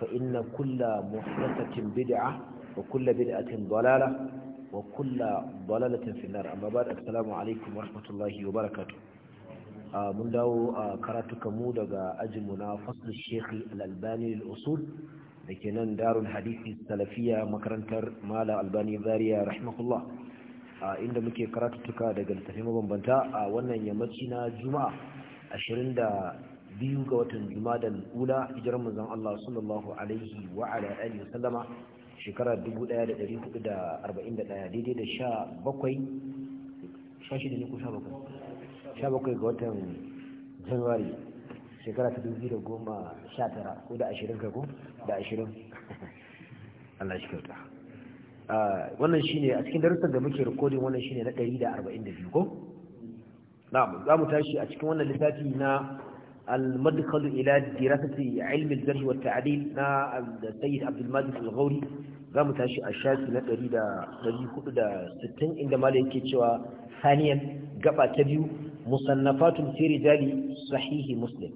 فإن كل محدثة بدعة وكل بدعة ضلالة وكل ضلالة في النار أما بعد السلام عليكم ورحمة الله وبركاته من داو كراتك مودة أجمنا فصل الشيخ الألباني للأصول لكن دار الحديث السلفية مكرنتر مالا ألباني ذاريا رحمه الله inda muke karatuttuka daga littafin mabambanta a wannan yammaci na juma'a biyu ga watan jumadan ula hijirar manzon Allah sallallahu alaihi wa ala alihi sallama shekara 1441 daidai da sha bakwai sha shida ne ko sha bakwai sha bakwai ga watan januwari shekara ta dubu ko da ashirin ka ko da ashirin Allah shi kyauta ah, wannan shi ne a cikin darussan da muke rikodin wannan shi ne na 142 ko na za mu tashi a cikin wannan littafi na المدخل إلى دراسة علم na والتعديل نا السيد عبد الماجد الغوري zamu tashi a shafi na 460 inda malai cewa saniyan gaba ta biyu musannafatun fi rijali sahihi muslim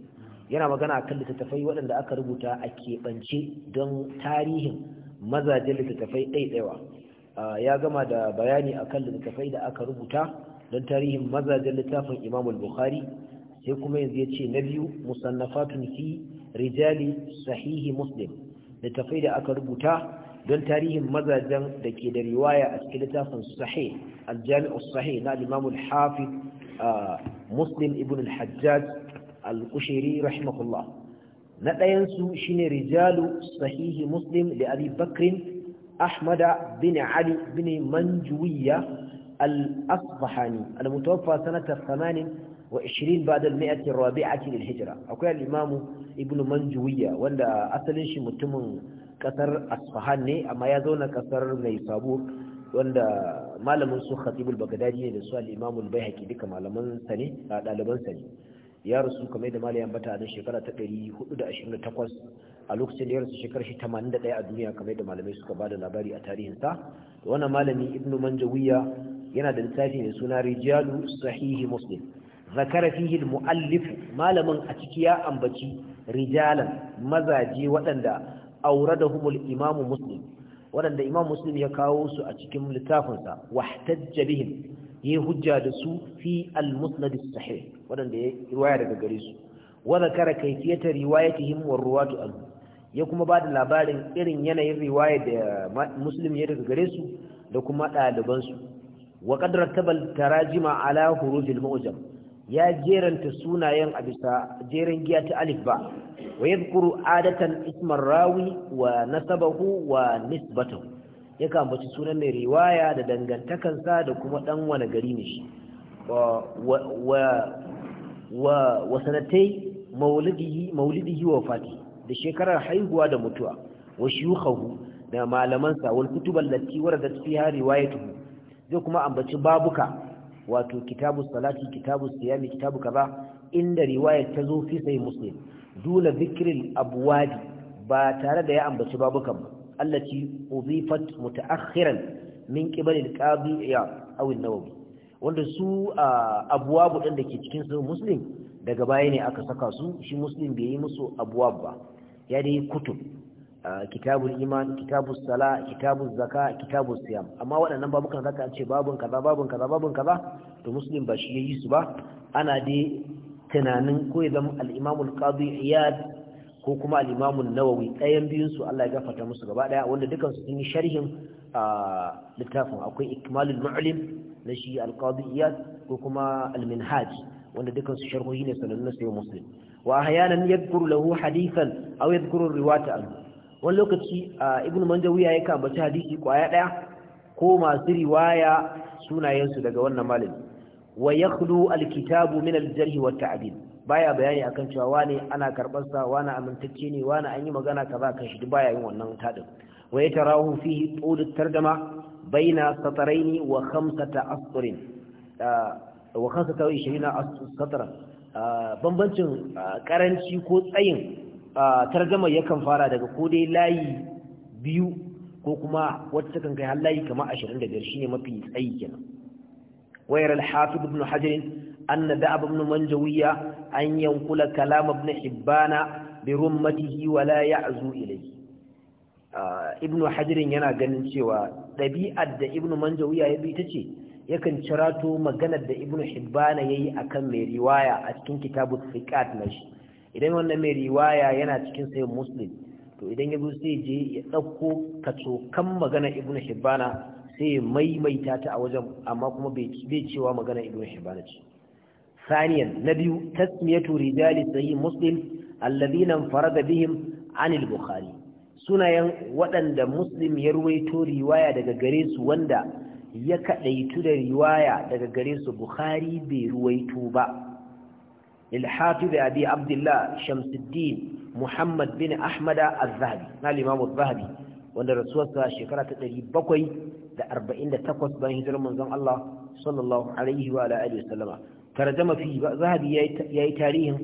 yana magana akan littattafai waɗanda aka rubuta a keɓance don tarihin mazajen littattafai ɗaiɗaiwa ya gama da bayani akan littattafai da aka rubuta don tarihin mazajen littafin imamul bukhari sai kuma yanzu ya ce na biyu musannafatun fi rijali sahihi muslim littafai da aka rubuta don tarihin mazajen da ke da riwaya a cikin littafin sahi aljami'u sahih na limamul hafiz muslim ibn al-hajjaj al-kushairi rahimahullah na ɗayansu shine rijalu sahihi muslim da abi bakrin ahmada bin ali bin manjuwiya al-asbahani al-mutawaffa sanata وعشرين بعد المئة الرابعة للهجرة أقول الإمام ابن منجوية وأن أصل شيء متم كسر أصفهان أما يزون كسر نيسابور وأن malamin su khatibul bagdadi da su al-imam al-baihaqi duka malaman sa ne daliban sa ya rasu kamar da malai ambata a shekara ta 428 a lokacin da ya rasu shekarar shi 81 a duniya kamar da malamai suka bada labari a tarihin sa wannan malami ibnu manjawiya yana da littafi mai suna rijalu sahihi muslim zakara fihi mu'allifu malamin a ciki ya ambaci rijalan mazaje waɗanda auradahumul imam muslim waɗanda imam muslim ya kawo su a cikin littafinsa wahtajja bihim yi hujja da su fi al-musnad as-sahih waɗanda ya riwaya daga gare su wa zakara kayfiyat riwayatihim war ruwatu anhu ya kuma ba da labarin irin yanayin riwaya da muslim ya daga gare su da kuma ɗalibansu wa qadrat tarajima ala hurufil mu'jam ya jeranta sunayen a bisa giya ta alif ba wa kuru adatan ismar rawi wa nasabahu wa nisbatahu yaka ambaci sunan mai riwaya da dangantakansa da kuma dan wani gari ne shi wa sanatai maulidihi wa fati da shekarar haihuwa da mutuwa wa shuyukhahu da malamansa wal kutubal lati waradat fiha riwayatuhu zai kuma ambaci babuka wato kitabu salati kitabu siyami kitabu kaza inda riwayar ta zo fi sai muslim dula zikril abwadi ba tare da ya ambaci babukan ba allati udifat mutaakhiran min qibal al ya aw an-nawawi wanda su abwabu din da ke cikin sahih muslim daga baya ne aka saka su shi muslim bai yi musu abwab ba ya dai kutub kitabul iman kitabus sala kitabuz zaka kitabus siyam amma waɗannan babukan zaka ce babun kaza babun kaza babun kaza to muslim ba shi yayi su ba ana dai tunanin ko ya zama al ko kuma al nawawi ɗayan biyunsu su Allah ya gafarta musu gaba daya wanda dukan su sun yi sharhin littafin akwai ikmalul mu'lim na shi al-qadi iyad ko kuma al-minhaj wanda dukan su sharhohi ne sanannu sai muslim wa ahyanan yadhkuru lahu hadithan aw yadhkuru riwata anhu wani lokaci ibn manjawiya ya kambaci hadisi kwaya daya ko masu riwaya sunayensu daga wannan malami wa yakhlu alkitabu min aljarh wa ta'dil baya bayani akan cewa wane ana karban sa wane amintacce ne wane an yi magana kaza kan shi baya yin wannan tadin wa yatarahu fihi tul tarjama baina sataraini wa khamsata asrin wa khamsata 20 satran bambancin karanci ko tsayin tarjama yakan fara daga ko dai layi biyu ko kuma wata takan kai har layi kama 25 shine mafi tsayi kenan wayar al-hafiz ibn hajar anna da'ab ibn manjawiya an yankula kalam ibn hibbana bi rummatihi wa la ya'zu ilayhi ibn hajar yana ganin cewa dabi'ar da ibn manjawiya ya bi tace yakan cirato maganar da ibn hibbana yayi akan mai riwaya a cikin kitabut fiqat shi. idan wannan mai riwaya yana cikin sai muslim to idan ya sai je ya ɗauko kacokan magana ibn hibbana sai ya maimaita ta a wajen amma kuma bai cewa magana ibn hibbana ce saniyan na biyu tasmiyatu rijali sahih muslim alladhina farada bihim an al-bukhari sunayen waɗanda muslim ya ruwaito riwaya daga gare su wanda ya kaɗaitu da riwaya daga gare su bukhari bai ruwaito ba للحافظ أبي عبد الله شمس الدين محمد بن أحمد الذهبي قال الإمام الذهبي وأن الرسول شكرة تقريب بقي ده أربعين ده تقوص بين هجر منظم الله صلى الله عليه وعلى آله وسلم ترجم في ذهبي يأي تاريخ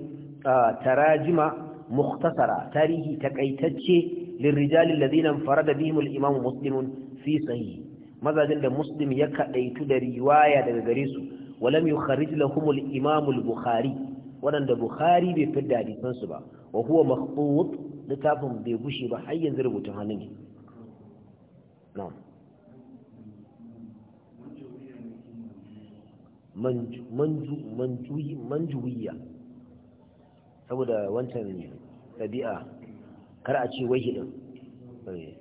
تراجم مختصرة تاريخ تقعيتتش للرجال الذين انفرد بهم الإمام مسلم في صحيح ماذا جل مسلم يكأيت ده رواية ده غريسه ولم يخرج لهم الإمام البخاري waɗanda bukhari bai fi fidda hadisansu ba wa huwa makhbut littafin bai gushe ba har yanzu rubutun hannu ne na'am manjuwiya saboda wancan ɗabi'a kar a ce wahi ɗin eh.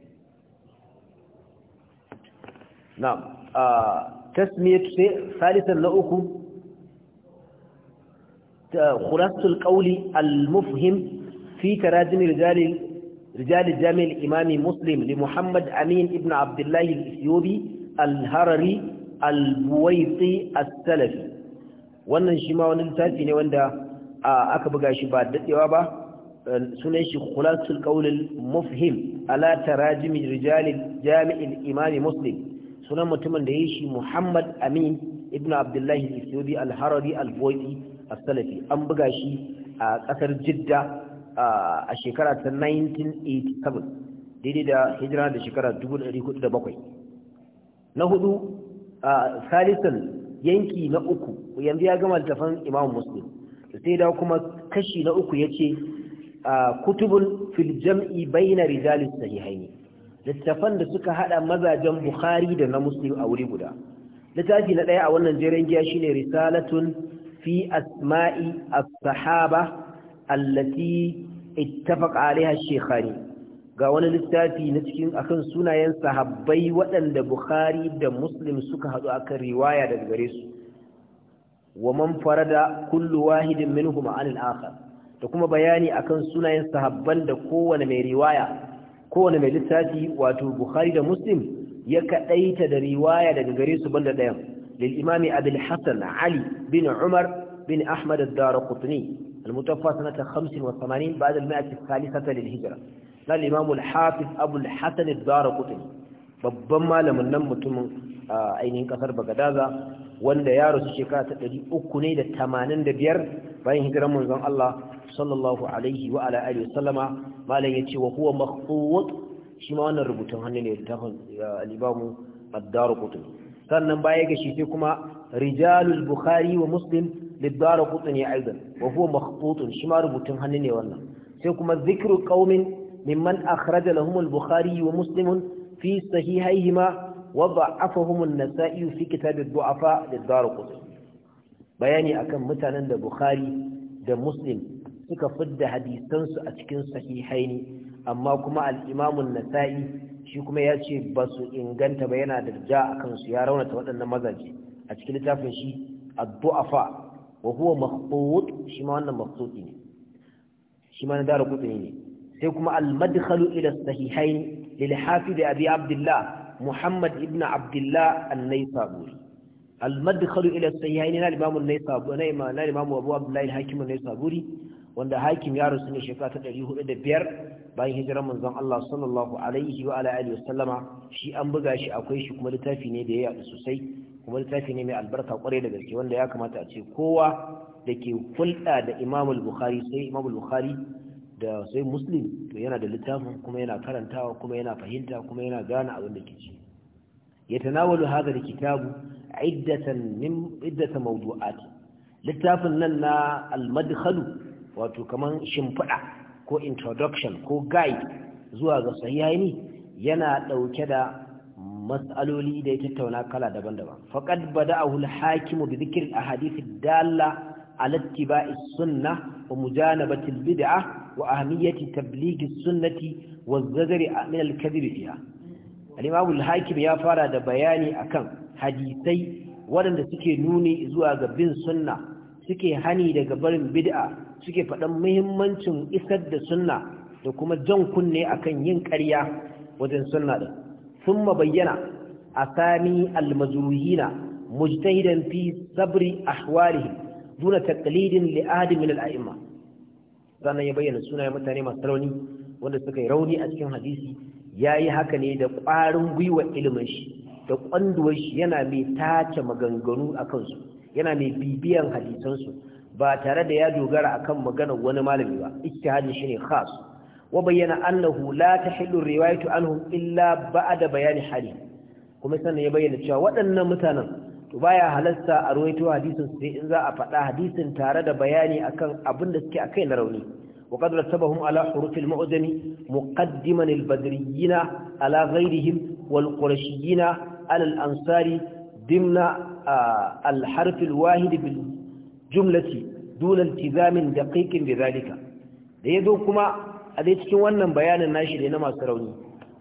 na'am ah, tasmiyatu sai salisan na uku خلاصة القول المفهم في تراجم رجال رجال جامع الإمام مسلم لمحمد أمين ابن عبد الله الإثيوبي الهرري البويطي السلفي wannan shi wani littafi ne wanda aka buga shi ba daɗewa ba sunan shi khulasul qaulul mufhim ala tarajim rijalil jami'il imam muslim sunan mutumin da yayi shi Muhammad Amin ibn Abdullah al as-salafi an buga shi a kasar jidda a shekara ta 1987 daidai da hijira da shekara 1407 na hudu salisan yanki na uku yanzu ya gama littafin imam muslim sai da kuma kashi na uku yace kutubun fil jam'i bayna rijalis sahihaini littafan da suka hada mazajen bukhari da na muslim a wuri guda littafi na daya a wannan jerin giya shine risalatun fi asma'i as-sahaba allati ittafaqa 'alayha ash ga wani littafi na cikin akan sunayen sahabbai waɗanda Bukhari da Muslim suka hadu akan riwaya da gare su wa man da kullu wahidin minhum 'an al-akhar kuma bayani akan sunayen sahabban da kowane mai littafi wato Bukhari da Muslim ya kaɗaita da riwaya daga gare su banda ɗayan للإمام أبي الحسن علي بن عمر بن أحمد الدار قطني المتوفى سنة 85 بعد المائة الثالثة للهجرة قال الحافظ أبو الحسن الدار قطني babban malamin nan mutumin ainihin kasar bagadaza wanda ya rasu shekara ta ɗari uku ne da tamanin da biyar bayan hijirar manzon Allah sallallahu alaihi wa ala alihi sallama malam ya ce wa huwa makhut shi ma hannu ne al sannan baya ga shi sai kuma rijalul bukhari wa muslim lidara qutni aidan wa huwa makhtutun shi ma rubutun hannu ne wannan sai kuma zikru qaumin mimman akhraja lahum al-bukhari wa muslim fi sahihaihima wa da'afahum an-nasa'i fi kitab ad-du'afa lidara qutni bayani akan mutanen da bukhari da muslim suka fidda hadisansu a cikin sahihaini amma kuma al-imam an-nasa'i shi kuma ya ce ba su inganta ba yana da ja a kansu ya raunata waɗannan mazaje a cikin littafin shi addu'afa wa huwa makhtut shi ma wannan makhtuti ne shi ma na dara kutuni ne sai kuma al-madkhalu ila sahihain lil hafiz abi abdullah muhammad ibn abdullah an-naisaburi al-madkhalu ila sahihain na imam an na imam abu abdullah al-hakim an wanda hakim ya rasu ne shekara ta ɗari hudu da biyar bayan hijirar manzon Allah sallallahu alaihi wa ala shi an buga shi akwai shi kuma littafi ne da ya yaɗu sosai kuma littafi ne mai albarka kwarai da gaske wanda ya kamata a ce kowa da ke hulɗa da imamul bukhari sai bukhari da sai muslim to yana da littafin kuma yana karantawa kuma yana fahimta kuma yana gane abin da ke ci ya tanawalu hada da kitabu iddatan min iddata mawdu'at littafin nan na al-madkhalu wato kaman shimfiɗa ko introduction ko guide zuwa ga sahihaini yana ɗauke da mas'aloli da ya tattauna kala daban-daban faqad bada'ahu hakimu hakim bi dhikri al-ahadith ad-dalla ala Is-Sunna wa mujanabati al wa ahmiyati tabligh sunnati wa az min al-kadhib fiha al-imam al-hakim ya fara da bayani akan hadisai waɗanda suke nuni zuwa ga bin sunna suke hani daga barin bid'a suke faɗan muhimmancin isar da sunna da kuma jan kunne akan yin karya wajen sunna sun ma bayyana sami almazuhina mujtahidan fi sabri ahwalihi duna taqlidin li ahadin min al-a'imma sannan ya bayyana sunayen mutane masu rauni wanda suka yi rauni a cikin hadisi Ya yi haka ne da ƙwarin gwiwar ilimin shi da ƙwanduwar shi yana mai tace maganganu a kansu yana mai bibiyan hadisansu ba tare da ya dogara akan maganar wani malami ba ijtihadin shine khas wa bayyana annahu la tahillu riwayatu anhum illa ba'da bayani hali kuma sannan ya bayyana cewa waɗannan mutanen to baya halasta a ruwaito hadisin sai in za a faɗa hadisin tare da bayani akan abin da suke akai na rauni wa qad rattabahum ala huruf al-mu'jami muqaddiman al-badriyina ala ghayrihim wal qurashiyina ala al-ansari dimna ah, al-harf al-wahid bil jumlati dun tizamin da bidhalika da ya zo kuma a dai cikin wannan bayanin nashi da na masu rauni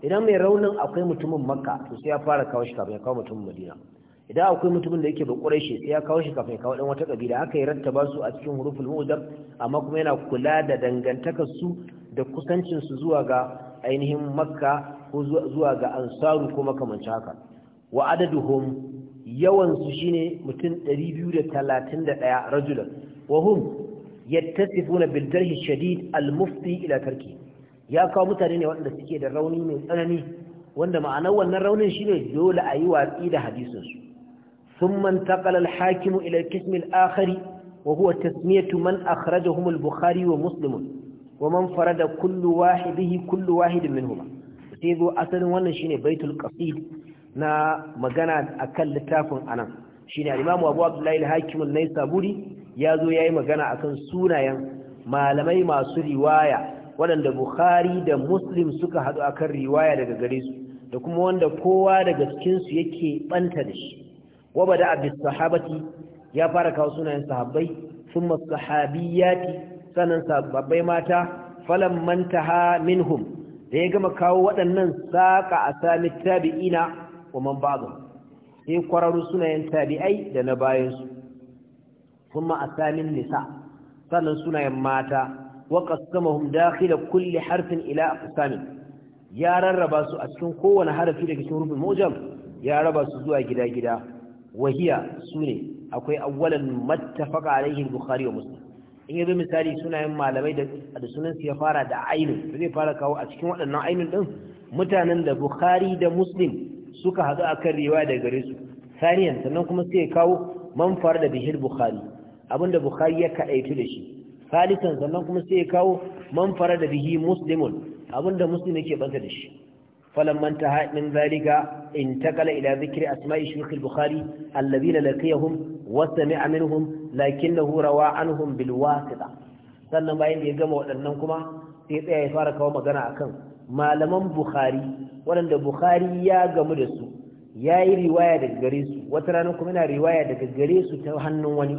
idan mai raunin akwai mutumin makka to sai ya fara kawo shi kafin ya kawo mutumin madina idan akwai mutumin da yake bakure shi sai ya kawo shi kafin ya kawo dan wata kabila haka ya rattaba su a cikin huruful mu'jam amma kuma yana kula da dangantakar su da kusancin su zuwa ga ainihin makka ko zuwa ga ansaru ko makamancin haka wa adaduhum yawansu shine mutum 231 rajulan wahum yattasifuna bil jarh shadid al mufti ila tarki ya kawo mutane ne waɗanda suke da rauni mai tsanani wanda ma'anar wannan raunin shine dole a yi watsi da hadisin su thumma intaqala al hakim ila Kismil akhari, wa huwa tasmiyatu man akhrajahum al bukhari wa muslim wa man farada kullu wahidihi kullu wahid minhum sai zo asalin wannan shine baitul qasid na magana akan littafin anan shine ne alimamu Abu Abdullah na Saburi ya zo ya yi magana akan sunayen malamai masu riwaya waɗanda Bukhari da Muslim suka haɗu akan riwaya daga gare su da kuma wanda kowa daga cikin yake ɓanta da shi da abu sahabati ya fara kawo sunayen sahabbai thumma sahabiyati sanan sababbai mata Falan mantaha minhum da ya gama kawo waɗannan saƙa a sami tabi'ina wa man ba'da sai kwararru sunayen tabi'ai da na bayansu kuma asalin nisa sannan sunayen mata wa qasamahum dakhila kulli harfin ila aqsamin ya rarraba su a cikin kowane harafi daga cikin rubin mujam ya raba su zuwa gida-gida wahiya sune akwai awalan mattafaqa alaihi bukhari wa muslim in yazo misali sunayen malamai da sunan ya fara da ainun zai fara kawo a cikin waɗannan ainun din mutanen da bukhari da muslim suka haɗu a riwaya riwa gare su saniyan sannan kuma sai kawo man fara da bihil bukhari abinda bukhari ya kaɗaitu da shi salisan sannan kuma sai kawo man fara da bihi muslimun abinda muslim yake banta da shi فلما انتهى من ذلك انتقل إلى ذكر أسماء شيوخ البخاري الذين لقيهم وسمع منهم لكنه روى عنهم بالواسطة sannan bayan da ya gama waɗannan kuma sai tsaya ya fara kawo magana akan malaman bukhari waɗanda bukhari ya gamu da su ya yi riwaya daga gare su wata rana kuma yana riwaya daga gare su ta hannun wani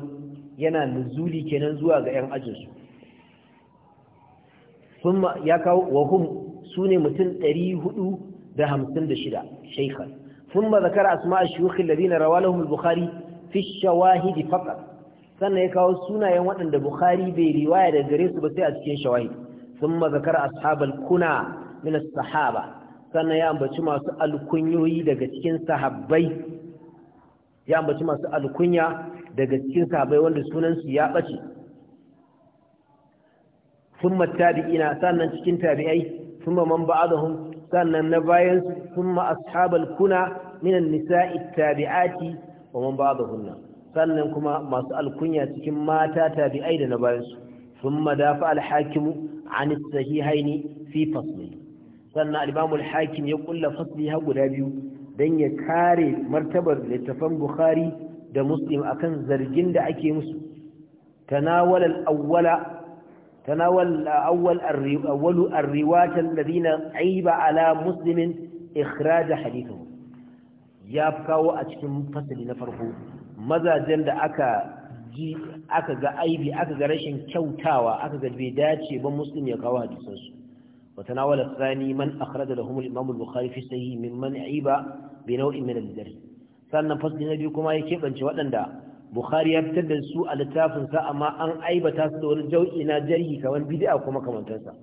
yana nuzuli kenan zuwa ga 'yan su. sun ya kawo wahum su ne mutum 456 shaikhar sun ba zakar asma a shiwukin lalina rawalahun bukhari fi shawahidi fakat sannan ya kawo sunayen waɗanda bukhari bai riwaya daga gare su ba sai a cikin shawahidi sun ma zakar ashabal kuna min sahaba sannan ya ambaci masu alkunyoyi daga cikin sahabbai ya ambaci masu alkunya daga cikin sahabbai wanda sunansu ya ɓace summa tabi'ina sannan cikin tabi'ai summa man ba'adahum sannan na bayan summa ashabal kuna minan nisa'i tabi'ati wa man ba'adahunna sannan kuma masu alkunya cikin mata tabi'ai da na bayan su summa dafa al-hakimu an sahihaini fi faslin sannan alimamul hakim ya kulla fasli ha guda biyu dan ya kare martabar littafan bukhari da muslim akan zargin da ake musu tanawal al-awwala tanawal al-awwal awwalu ar-riwat aiba ala muslimin ikhraj hadithahu ya kawo a cikin fasali na farko mazajen da aka ji aka ga aibi aka ga rashin kyautawa aka ga bai dace ba muslim ya kawo hadisansu وتناول الثاني من أخرج لهم الإمام البخاري في سيه ممن عيب بنوع من الذر sannan fasli na biyu kuma ya keɓance waɗanda bukhari ya fitar da su a littafinsa amma an aibata su da wani jau'i na jarhi kamar bid'a kuma kamantarsa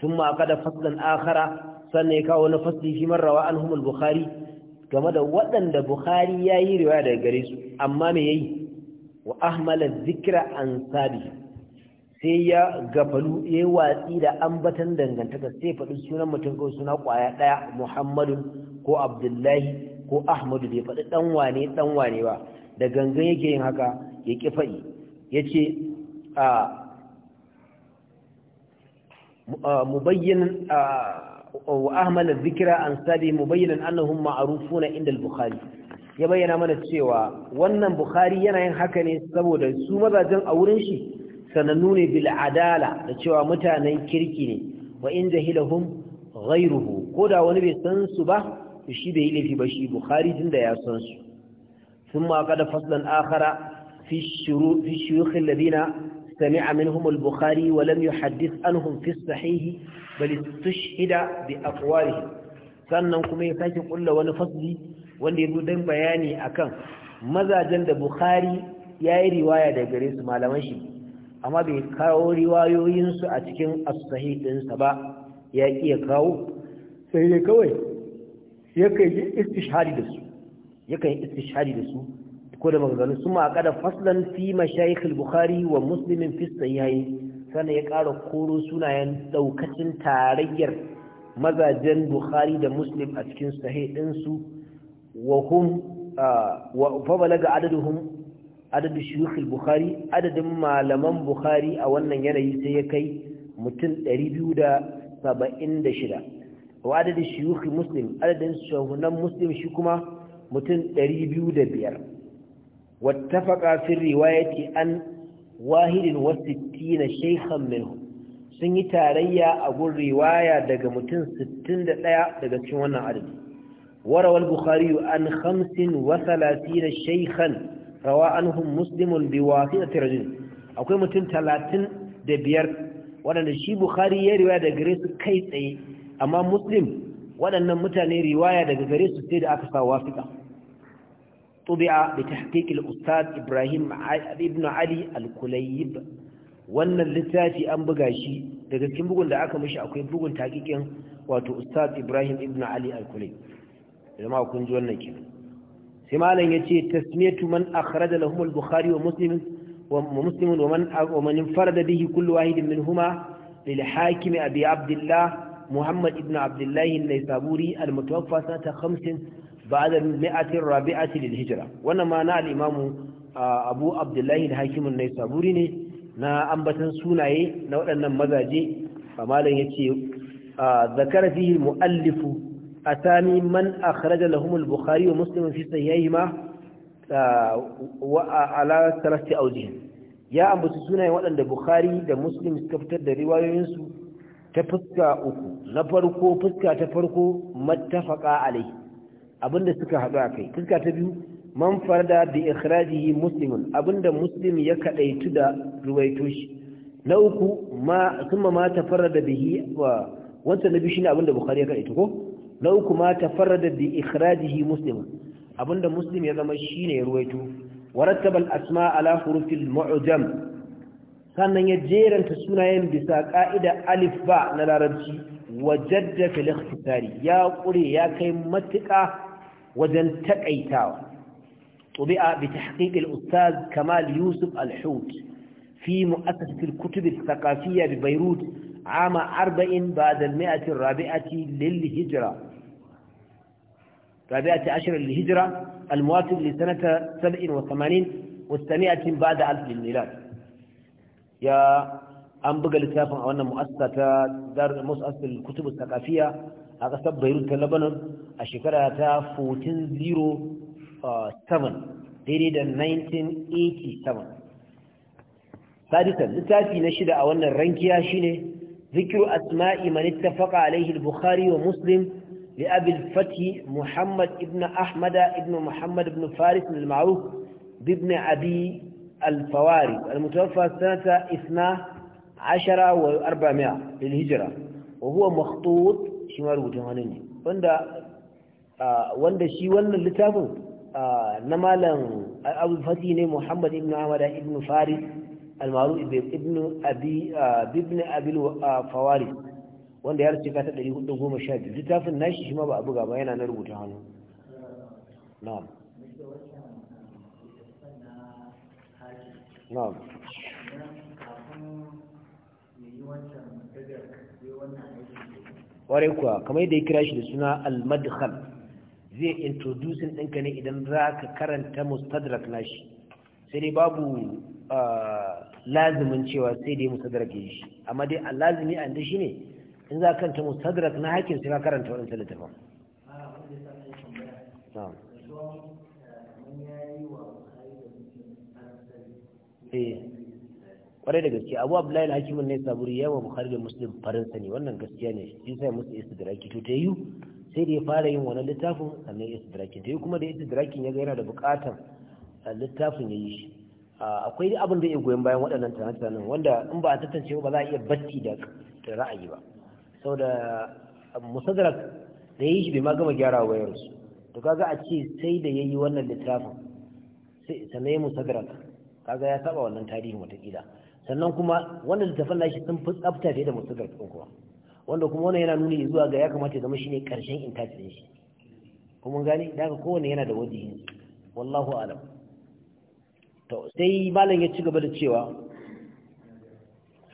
sun ma kada faslan akhara sannan ya kawo wani fasli shi marrawa an humul bukhari game da waɗanda bukhari ya yi riwaya daga gare su amma me yayi wa ahmala Zikirar an sai ya gafalu ya yi watsi da ambatan dangantaka sai faɗi sunan mutum kawai suna ƙwaya ɗaya Muhammadu ko abdullahi ko ahmadu bai faɗi ɗan wane ɗan wane ba da gangan yake yin haka ya ƙi faɗi ya ce a mubayyanin wa Ahmadu zikira an sabi mubayyanin annahum ma'arufuna inda al-bukhari ya bayyana mana cewa wannan bukhari yana yin haka ne saboda su mazajen a wurin shi sanannu ne bil adala da cewa mutanen kirki ne wa in jahilahum ghayruhu ko da wani bai san su ba to shi bai yi laifi ba shi bukhari tunda ya san su thumma kada faslan akhara fi shuru shuyukh alladhina sami'a minhum al-bukhari wa lam yuhaddith anhum fi sahih bal istashhida bi sannan kuma ya sake kulla wani fasli wanda yazo dan bayani akan mazajen da bukhari yayi riwaya da gare su malaman shi amma bai kawo riwayoyinsu a cikin asahi ɗinsa ba ya iya kawo sai dai kawai ya kai yi istishari da su yakan yi istishari da su ko da maganganu su ma kada faslan fi mashayikh bukhari wa muslimin fi yi, sannan ya ƙara koro sunayen daukacin tarayyar mazajen bukhari da muslim a cikin sahih ɗinsu wa hum ah, wa fa balaga adaduhum adadin shuyukhul bukhari adadin malaman bukhari a wannan yanayi sai ya kai mutum 276 wa adadin shuyukhul muslim adadin shahunan muslim shi kuma mutum 205 wattafaqa fi riwayati an wahidin wa 60 shaykhan minhu sun yi tarayya a gun riwaya daga mutum 61 daga cikin wannan adadi warawal bukhari an 35 shaykhan rawa anhum muslimun bi wasitati rajul akwai mutum talatin da biyar waɗanda shi bukhari ya riwaya daga gare su kai tsaye amma muslim waɗannan mutane riwaya daga gare su sai da aka sa wasiqa tubi'a bi tahqiq ustad Ibrahim ibn Ali al-Kulayb wannan littafi an buga shi daga cikin bugun da aka mishi akwai bugun taqiqin wato ustad Ibrahim ibn Ali al-Kulayb jama'a kun ji wannan kenan sai malam yace tasmiyatu man akhraja lahum al-bukhari wa muslim wa muslim wa man wa man farada bihi kullu wahidin minhuma lil hakim abi abdullah muhammad ibn abdullah an-naysaburi al-mutawaffa sanata 50 ba'da al-mi'ati ar-rabi'ati lil hijra wannan ma na al-imam abu abdullah al-hakim an-naysaburi ne na ambatan sunaye na waɗannan mazaje malam yace zakara muallifu الثاني من أخرج لهم البخاري ومسلم في صحيحهما على ثلاثة أوجه يا أم بسسونا وأن البخاري ده مسلم استفتر ده رواية ينسو تفكى أكو نفرقو فكى تفرقو متفقى عليه أبن ده سكى هدوكي فكى تبيو من فرد بإخراجه مسلم أبن ده مسلم يكأي تدى روايتوش نوكو ما ثم ما تفرد به وانت نبي شين أبن ده بخاري يكأي تكو na uku ma tafarrada bi ikhrajihi muslim abinda muslim ya zama shine ne ruwaito warattabal asma ala hurufil mu'jam sannan ya jeranta sunayen bisa ka'ida alif ba na larabci wajadda fil ikhtisari ya kure ya kai matuƙa wajen takaitawa طبع بتحقيق الأستاذ كمال يوسف الحوت في مؤسسة الكتب الثقافية ببيروت عام أربع بعد المائة الرابعة للهجرة رابعة عشر للهجرة الموافق لسنة سبع وثمانين والسمية بعد ألف للميلاد يا أنبغى لسافة أو أن مؤسسة دار مؤسسة الكتب الثقافية هذا سب بيروت لبنان الشكرة تا 1407 daidai da 1987 sadisan littafi na shida a wannan rankiya shine zikiru asma'i man ittafaqa alaihi al-bukhari wa muslim لأبي الفتح محمد ابن أحمد ابن محمد ابن فارس المعروف بابن أبي الفواري المتوفى سنة إثنى عشر وأربعمائة للهجرة وهو مخطوط شمال وجهانين وندا آه، وندا شي وندا لتابو آه، نمالا أبو الفتح محمد ابن أحمد ابن فارس المعروف بابن أبي آه، بابن أبي الفواري wanda ya rasu ka sha biyu. littafin nashi shi ma ba a buga ba yana na rubuta hannu na'am na'am ƙwarai kuwa kamar yadda ya kira shi da suna al-madkhal zai introducing ɗinka ne idan za ka karanta mustadrak nashi sai dai babu ah, lazimin cewa sai dai mustadrak ya shi amma dai lazimi a yanzu shi ne in za ta mustadrak na hakim sai ka karanta wannan littafin eh kwarai da gaske abu abdullahi al-hakim ne saburi yawa bukhari da muslim faransa ne wannan gaskiya ne shi sai musu istidraki to ta yi sai da ya fara yin wannan littafin sannan istidraki ta yi kuma da istidrakin ya ga yana da bukatar eh, littafin ya yi shi ah, akwai abin da ya goyon bayan waɗannan tunanin wanda in ba a tattance ba za a iya batti da ra'ayi ba sau da musadarar da ya yi shi bai ma gama gyara wayarsu to kaga a ce sai da ya yi wannan littafin sannan ya musadarar kaga ya saba wannan tarihin watakila sannan kuma wannan littafin shi sun fi tsafta fiye da musadarar ɗin kuma wanda kuma wannan yana nuni zuwa ga ya kamata ya zama shi ne ƙarshen intaci ɗin shi kuma gani da haka kowane yana da wajihin wallahu alam to sai malam ya ci gaba da cewa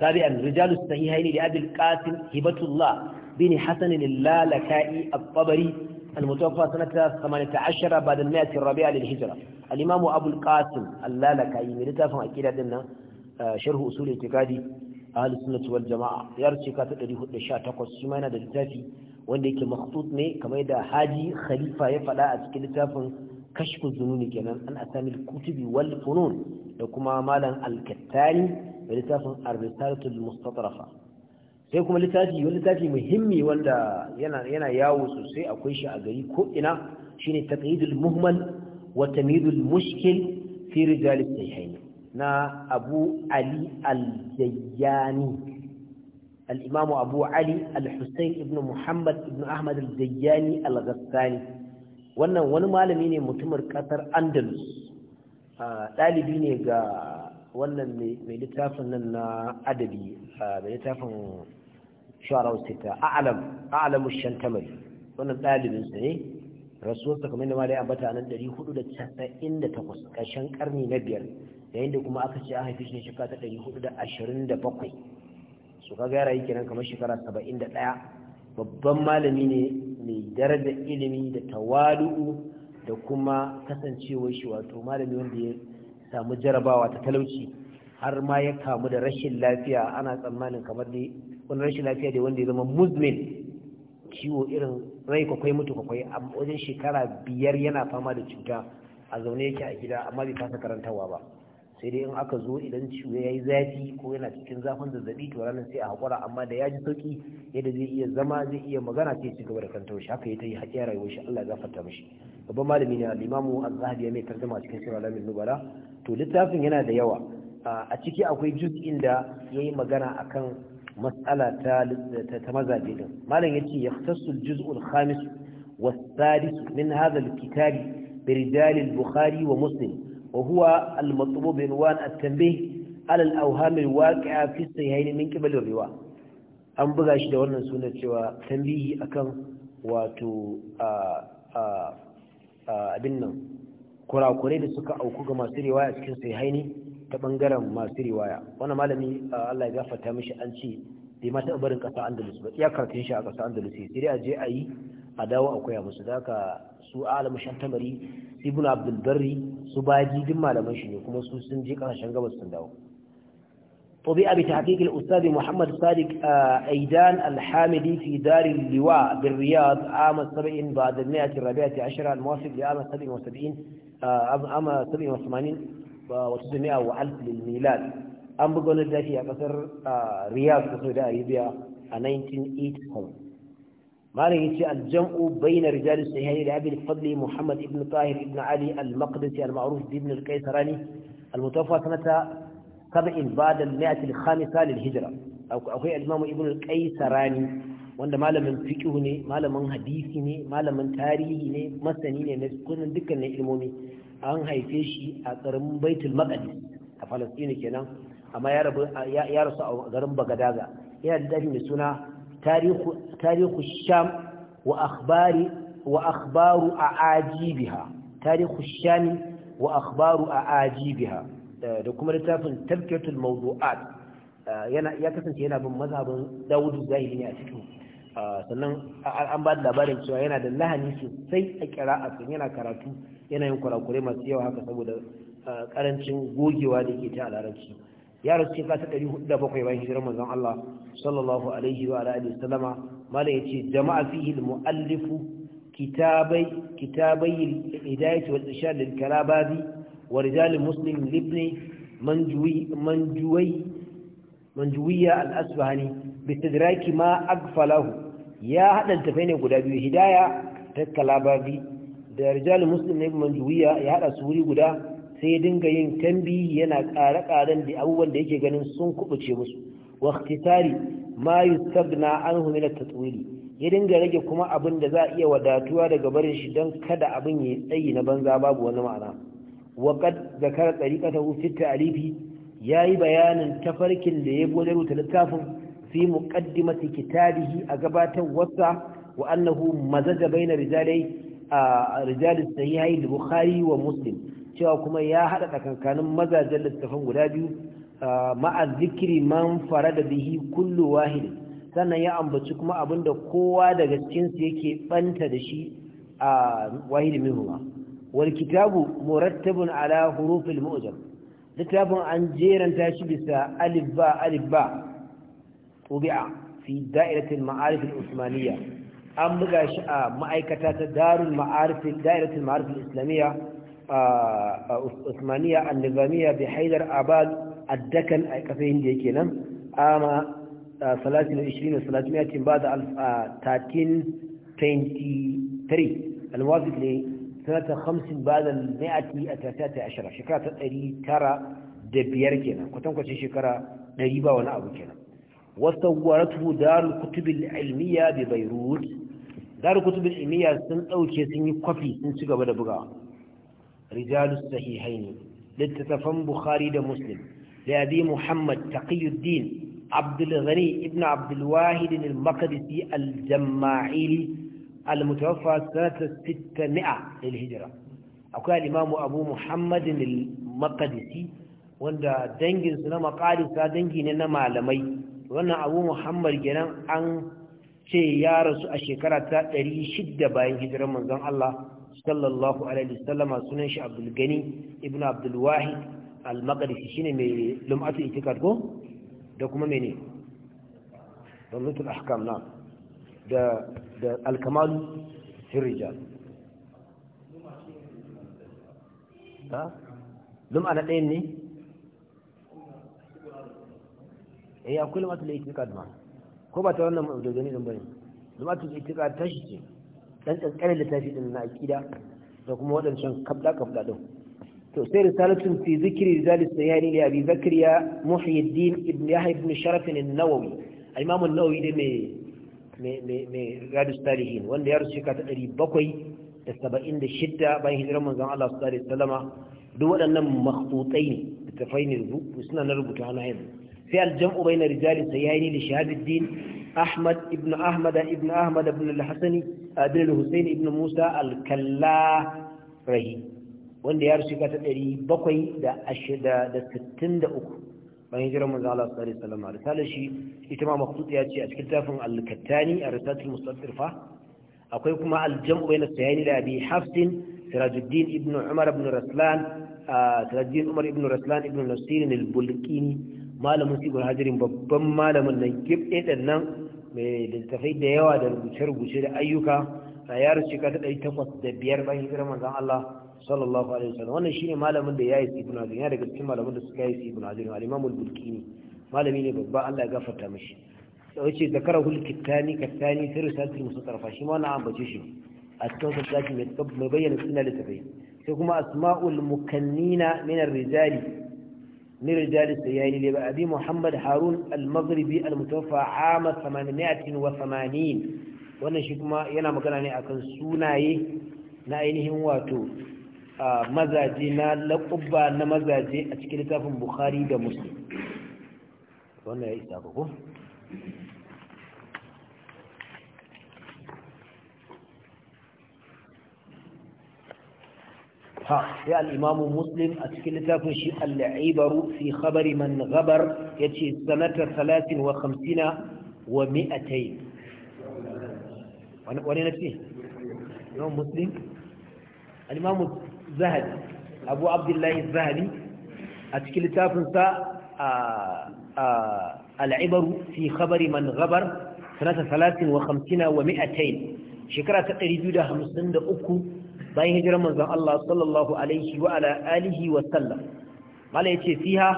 sabi'an rijalus sahihaini da abil qasim hibatullah bin hasan al-lalakai at-tabari المتوفى سنة 18 بعد المئة الرابعة للهجرة الإمام أبو القاسم اللالكي من تافن أكيد عندنا شرح أصول اعتقادي أهل السنة والجماعة يرشي كاتب لديه الشاة تقوى السمانة للتافي وانده مخطوط ني كما يدى هاجي خليفة يفعل أسكيل تافن كشف الظنون كمان أن أسامي الكتب والفنون لكما مالا الكتاني da littafin arisalatul mustatrafa sai kuma littafi wani littafi muhimmi wanda yana yawo sosai akwai shi a gari ko ina shine taqidul muhmal wa tamidul mushkil fi rijal sahihain na Abu Ali al-Jayyani al أبو علي muhammad ابن محمد al أحمد al الغساني wannan wani malami ne mutumar ƙasar andalus ah, ɗalibi ne ga wannan mai littafin nan na adabi mai littafin shawarar sita a'alam a'alamu shantamari wannan ɗalibinsa ne rasuwarsa kamar da ma dai ambata nan takwas, ƙarshen ƙarni na biyar yayin da kuma aka ce a haifi shi shekara ta bakwai. su kaga yara yi kenan kamar shekara saba'in da ɗaya. babban malami ne mai daraja ilimi da tawalu da kuma kasancewar shi wato malami wanda ya samu jarabawa ta talauci har ma ya kamu da rashin lafiya ana tsammanin kamar dai wani rashin lafiya da wanda ya zama muslim ciwo irin rai kwakwai mutu kwakwai a wajen shekara biyar yana fama da cuta a zaune yake a gida amma bai fasa karantawa ba sai dai in aka zo idan ciwo ya yi zafi ko yana cikin zafin zazzabi to ranar sai a haƙura amma da ya ji sauƙi yadda zai iya zama zai iya magana sai ci gaba da kantar shi haka ya ta yi haƙiya rayuwar shi Allah ya gafarta mishi babban malami ne al-Imamu zahabi ya mai tarjuma cikin shirar al-Nubala to littafin yana da yawa a ciki akwai juz'in da ya yi magana a kan matsala ta mazaje din malam ya ce ya fitassul juz'ul khamis wa sadis min hada alkitabi bi bukhari wa muslim wa huwa al matlub bin wan at tanbih ala al awham al waqi'a fi sahihayn min qibal al riwa an buga shi da wannan sunan cewa tanbihi akan wato a a abin nan kurakurai da suka auku ga masu riwaya cikin sahihaini ta bangaren masu riwaya wani malami Allah ya gafarta mishi an ce bai ma taɓa barin ƙasa Andalus ba iya karatun shi a ƙasa Andalus sai dai a je a yi a dawo a koya musu da su alamu shantamari ibn abdul barri su baji duk malaman shi ne kuma su sun je ƙasashen gabas sun dawo طبيعة بتحقيق الأستاذ محمد صادق أيدان الحامدي في دار اللواء بالرياض عام السبعين بعد المئة الرابعة عشرة الموافق لعام السبعين وسبعين ama sabi wa samanin wata jami'a wa alfil milad an buga wani dashi a kasar riyadh ta saudi arabia a 1987 malam yace aljam'u bayna rijal sahihayn da abi al-fadli muhammad ibn tahir ibn ali al-maqdisi al-ma'ruf ibn al-qaisrani qaisarani al-mutafasi المتوفى سنة سبع بعد المئة الخامسة للهجرة أو أخي ibn al-qaisarani. wanda malamin fiqh ne malamin hadisi ne malamin tarihi ne masani ne na kusan dukkanin ilmomi an haife shi a tsarin baitul maqdis a falastini kenan amma ya rabu ya rasu a garin bagadaza yana da dafi mai suna tarihu tarihu sham wa akhbari wa akhbaru aajibiha tarihu sham wa akhbaru aajibiha da kuma littafin tafkiyatul mawdu'at eh, yana ya kasance yana bin mazhabin Dawud Zahiri ne a cikin Ah, sannan an ba da labarin cewa yana da lahani sosai a a sun yana karatu yana yin kurakurai masu yawa haka saboda karancin ah, gogewa da ke ta a larabci ya rasu shekara ta ɗari hudu da bakwai bayan hijirar manzon Allah sallallahu alaihi wa alihi sallama mala ya ce jama'a fihi mu'allifu kitabai kitabai hidayati wal irshad lil karabazi wa rijal muslim libni manjuwi manjuwiya al asbahani bitidraki ma agfalahu ya haɗa tafai ne guda biyu hidaya ta kalabari da Rijal muslim ne ibn juwiya ya haɗa su wuri guda sai ya dinga yin tambi yana ƙare-ƙaren da abubuwan da yake ganin sun kubuce musu wa ikhtisari ma yustagna anhu min at-tatwili ya dinga rage kuma abin da za a iya wadatuwa daga barin shi don kada abin ya tsayi na banza babu wani ma'ana wa qad zakara tariqatahu Alifi ta'lifi yayi bayanin tafarkin da ya bude rubuta littafin fi muqaddimati kitabihi a gabatar wasa wa annahu mazaja baina rijalai rijalis sahihai da bukhari wa muslim cewa kuma ya hada tsakankanin mazajen littafan guda biyu ma'a zikri man da bihi kullu wahid sannan ya ambaci kuma abinda kowa daga cikin su yake banta da shi a wahid minhuma wal kitabu murattabun ala hurufil mu'jam littafin an jeranta shi bisa alif ba alif ba وضع في دائرة المعارف العثمانية أم غشاء آه، مأيكتة دار المعارف دائرة المعارف الإسلامية العثمانية آه، آه، النظامية بحيدر أباد الدكن أكفين ديكينا آما 23 و 300 بعد 1323 الموافق لسنة خمس بعد المائة التاسعة عشرة شكرا تقري ترى دبير كينا كتنكو شكرا نريبا ونأبو كينا wasawwaratu darul kutubil ilmiya bi Beirut darul kutubil ilmiya sun ɗauke sun yi kwafi sun ci gaba da bugawa rijalus sahihain littattafan bukhari da muslim da abi muhammad taqiyuddin abdul ghani ibn abdul wahid al-maqdisi al-jamma'ili al-mutawaffa sanata akwai al-imamu abu muhammad al-maqdisi wanda danginsu na maqalisa dangi na malamai wannan abu muhammad kenan an ce ya rasu a shekara ta 600 bayan hijirar manzon Allah sallallahu alaihi wasallam sunan shi Abdul Gani ibn Abdul Wahid al-Maqdisi shine mai lum'atu itikad ko da kuma mene Dalilul ahkam na da da al-kamal fi rijal ta lum'a na ɗayan ne E eh, ya akwai lumatul itiqad ma ko ba ta wannan dogani din bane lumatul itiqad ta shi ce dan kankanin littafi din na aqida da kuma wadancan kabda kabda din to sai risalatun fi zikri rijalis sayani li abi zakriya muhyiddin ibn yahya ibn sharaf an-nawawi al-imam an-nawawi da mai mai gadis tarihin wanda ya rushe ka ta ɗari bakwai da saba'in da shidda bayan hijirar manzan Allah su tare salama duk waɗannan makhtutai ne da tafai ne suna na rubuta na yanzu sai aljam'u bayna rijali sayyaini li shahabuddin ahmad ibn ahmad ibn ahmad ibn al-hasani ibn al ibn musa al wanda ya rushe ka ta 763 bayan jiran manzo Allah sallallahu alaihi wasallam risalar shi ita ma maktut ya ce a cikin tafin al-kattani a risatul mustadrifa akwai kuma al-jam'u bayna sayyid da abi hafsin sirajuddin ibn umar ibn raslan ah, sirajuddin umar ibn al malamin sibir hajjirin babban malamin nan gibɗe ɗin nan mai littafai da yawa da rubuce-rubuce da ayyuka a yaro shekara ta ɗari takwas da biyar bayan hijirar manzan Allah sallallahu alaihi wasallam wannan shi ne malamin da ya yi ibn hajjirin ya daga cikin malamin da suka yi ibn hajjirin al-imamul bulkini malami ne babba Allah ya gafarta mishi sai ce zakara hul kittani kattani sai risalatu musattarafa shi ma an ambace shi a cikin sassaki mai bayyana suna littafai sai kuma asma'ul mukannina min ar-rijali من رجال السياني لأبي محمد هارون المغربي المتوفى عام 880 wannan shi kuma yana magana ne akan sunaye na ainihin wato mazaje na laƙubba na mazaje a cikin littafin bukhari da muslim wannan ya isa ko sai al'imamu muslim a cikin littafin shi al'ibaru fi khabari man gabar ya talatin wa hamsina wa mi'atai wani na zahabi abu abdullahi zahabi a cikin littafinsa a al'ibaru fi khabari man gabar talatin wa wa shekara ta bayan hijirar manzon Allah sallallahu alaihi wa ala alihi wa sallam mala yace fiha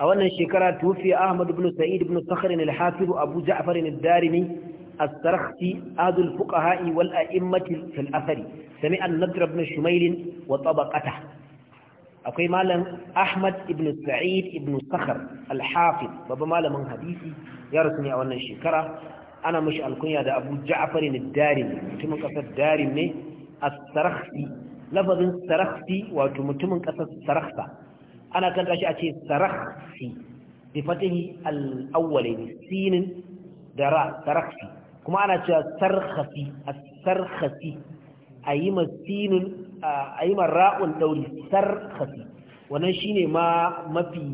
a wannan shekara tufi Ahmad ibn Sa'id ibn Sakhr al-Hafiz Abu Ja'far al-Darimi السرختي أهد الفقهاء والأئمة في الأثر سمع النضر بن شميل وطبقته akwai malam Ahmad ibn Sa'id ibn Sakhar al-Hafiz babban malamin hadisi ya rasu ne a wannan shekara ana mashi alkunya da Abu Ja'far al mutumin kasar Darim ne as lafazin sarakhsi wato mutumin kasar sarakhsa ana kan tashi a ce sarakhsi bi fatihi al-awwalain sinin da ra sarakhsi kuma ana cewa sarkhasi as-sarkhasi ayi masinun ayi marra'un dauri sarkhasi wannan shine ma mafi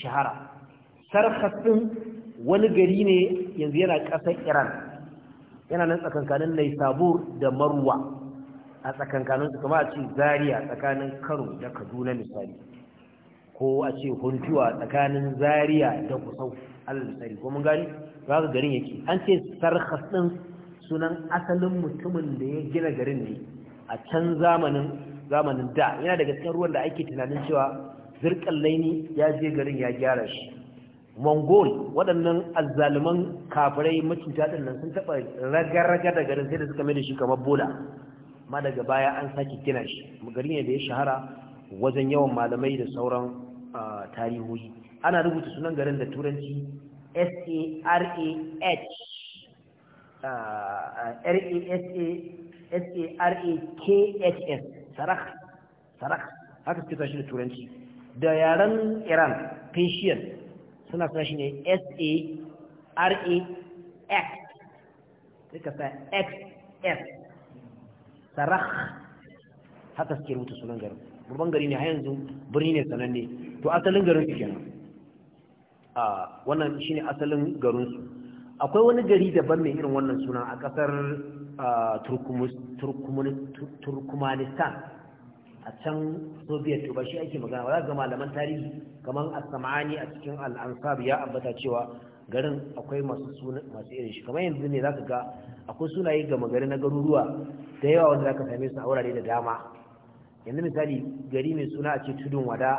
shahara sarkhasin wani gari ne yanzu yana ƙasar Iran yana nan tsakankanin Naisabur da Marwa a tsakankanin su kuma a ce zaria tsakanin kano da kaduna misali ko a ce huntuwa tsakanin zaria da kusau alal ko mun gani za ka garin yake an ce sarkas ɗin sunan asalin mutumin da ya gina garin ne a can zamanin da yana daga cikin ruwan da ake tunanin cewa zirkan laini ya je garin ya gyara shi mongol waɗannan azzaluman kafirai macuta ɗin nan sun taɓa raga-raga da garin sai da suka mai da shi kamar bola amma daga baya an sake gina shi garin ne da ya shahara wajen yawan malamai da sauran tarihoyi ana rubuta sunan garin da turanci S-A-R-A-H-S-A-R-A-K-H-S sarak sarak haka suke tashi da turanci da yaren iran persian suna tashi ne S-A-R-A-X X-S sarah haka suke rubuta sunan garin babban gari ne har yanzu birni ne sananne to asalin garin su kenan a wannan shine asalin garin su akwai wani gari daban mai irin wannan suna a kasar turkmenistan a can soviet to ba shi ake magana ba za ga malaman tarihi kamar a samani a cikin al'ansar ya ambata cewa garin akwai masu suna masu irin shi kamar yanzu ne za ka ga akwai sunaye gama gari na garuruwa da yawa wanda za ka same su a wurare da dama yanzu misali gari mai suna a ce tudun wada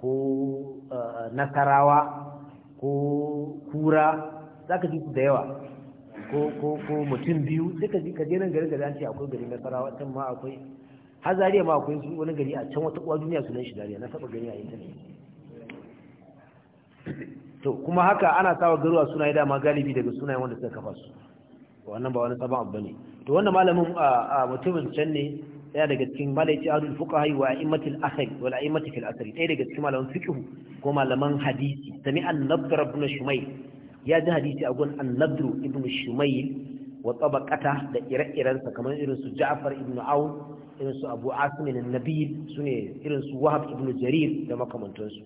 ko eh, nasarawa ko kura za ka ji su da yawa ko mutum biyu sai ka ji ka je nan gari da an ce akwai gari nasarawa can ma akwai har zariya ma akwai wani gari a can wata uwa duniya sunan shi zariya na saba gari a intanet to kuma haka ana sawa garuwa sunaye dama galibi daga sunayen wanda suka kafa su wannan ba wani sabon abu ne to wannan malamin a mutumin can ne yana daga cikin malaici adul fuqaha wa a'immatul akhir wal a'immati fil asr ɗaya daga cikin malamin fiqh ko malaman hadisi sami an-nadr ibn shumayl ya ji hadisi a gun an-nadr ibn shumayl wa tabaqata da ire-iren sa kamar irin su Ja'far ibn Aun irin su Abu Asim an-Nabil sune irin su Wahab ibn Jarir da makamantansu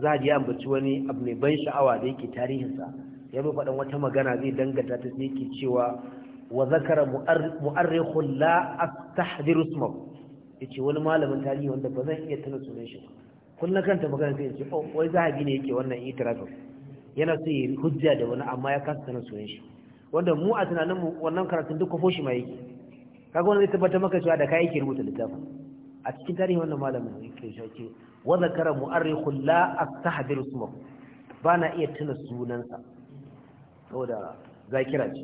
zahabi ya ambaci wani abu mai ban sha'awa da yake tarihinsa ya zo faɗin wata magana zai danganta ta yake cewa wa zakara mu'arrikhun la astahdiru ismahu yace wani malamin tarihi wanda ba zan iya tana sunan shi kullun kanta magana sai yace oh wai zahabi ne yake wannan itirafin yana so yi hujja da wani amma ya kasa tana sunan shi wanda mu a tunanin mu wannan karatun duk kofo shi ma yake kaga wannan zai tabbatar maka cewa da kai yake rubuta littafin a cikin tarihi wannan malamin yake shi wa zakara mu'arrikhun la astahdir Ba bana iya tuna sunansa saboda zakira ce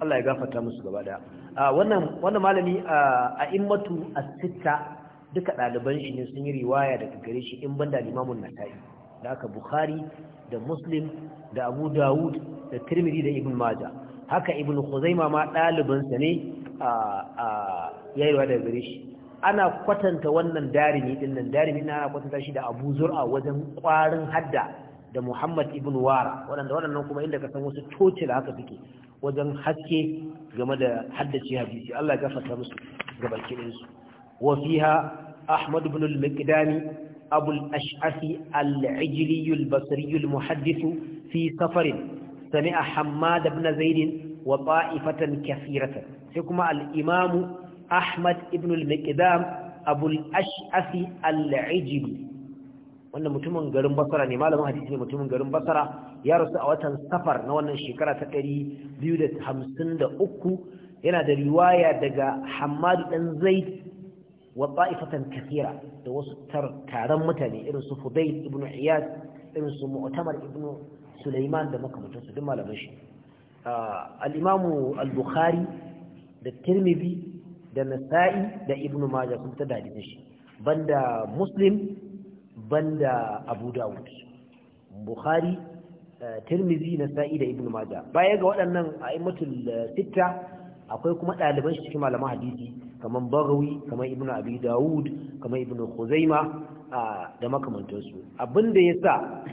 Allah ya gafata musu gaba daya wannan malami a immatu a sitta duka ɗaliban shi ne sun yi riwaya daga gare shi in banda limamun nasa'i da aka bukhari da muslim da abu dawud da tirmidhi da ibn maja haka ibn khuzaima ma ɗalibansa ne a ya yi daga gare shi ana kwatanta wannan darimi din nan darimi na ana kwatanta shi da Abu Zur'a wajen kwarin hadda da Muhammad ibn Wara waɗanda waɗannan kuma inda ka san wasu da haka suke wajen haske game da haddace hadisi Allah ya gafarta musu gabaki ɗin su wa fiha Ahmad ibn al-Miqdani Abu al-Ash'afi al-Ijli al-Basri al-Muhaddith fi safar sami'a Hammad ibn Zaid wa ta'ifatan kathiratan sai kuma al-Imam ahmad ibn al-miqdam abul ash'afi al-ajibi wannan mutumin garin basara ne malamin hadisi ne mutumin garin basara ya rasu a watan safar na wannan shekara ta 253 yana da riwaya daga hamadu Ɗan zaid wa ta'ifatan kathira da wasu taron mutane irin su fudayl ibn iyad irin su mu'tamar ibn sulaiman da makamantansu duk malamin shi ah, al-imamu al-bukhari da tirmidhi da nasa'i da ibn maja sun ta dadi da shi banda muslim banda abu dawud bukhari eh, tirmizi nasa'i da ibn maja baya ga waɗannan a'immatul eh, sitta akwai kuma ɗaliban shi cikin malaman hadisi kamar bagawi kamar ibn abi dawud kamar ibn khuzaima ah, da makamantansu abinda yasa sa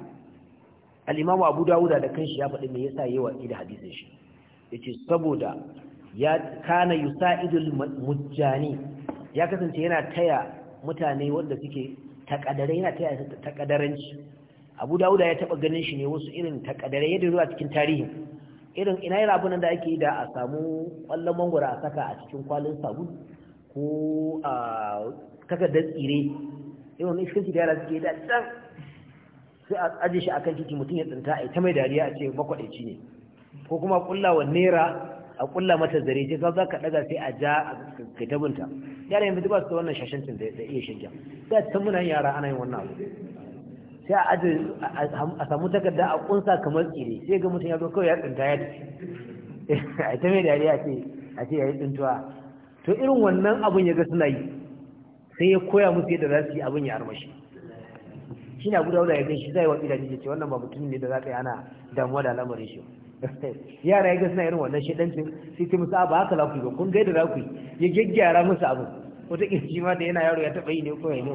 Alimamu abu dawud da kanshi ya faɗi me yasa yawa da hadisin shi ce saboda ya kana yusa'idul mujjani ya kasance yana taya mutane wanda suke takadare yana taya takadaranci Abu Dawuda ya taba ganin shi ne wasu irin takadare yadda zuwa cikin tarihi irin ina yi rabunan da ake yi da a samu kwallon mangwara a saka a cikin kwalin sabu ko a takardar tsire irin ci da yara suke da dan sai a aje shi akan titi mutum ya tsinta a ta mai dariya a ce makwaɗaici ne ko kuma kullawa naira a kulla mata zare ji ga ka daga sai a ja ka tabunta yara yanzu ba su da wannan shashancin da iya shirya a ta muna yara ana yin wannan abu sai a a samu takarda a kunsa kamar tsire sai ga mutum ya zo kawai ya tsinta ya tafi a ta mai dariya ce a ce ya yi tsintuwa to irin wannan abun ya ga suna yi sai ya koya musu yadda za su yi abun ya armashi shi na gudanar da ya gan shi zai wa idanci ce wannan ba mutum ne da za ka yi ana damuwa da al'amarin shi yara ya ga suna irin wannan shedancin sai ta musu ba haka lafi ba kun gaida lafi ku ya gyaggyara musu abu wata kirji ma da yana yaro ya taɓa yi ne ko ya ne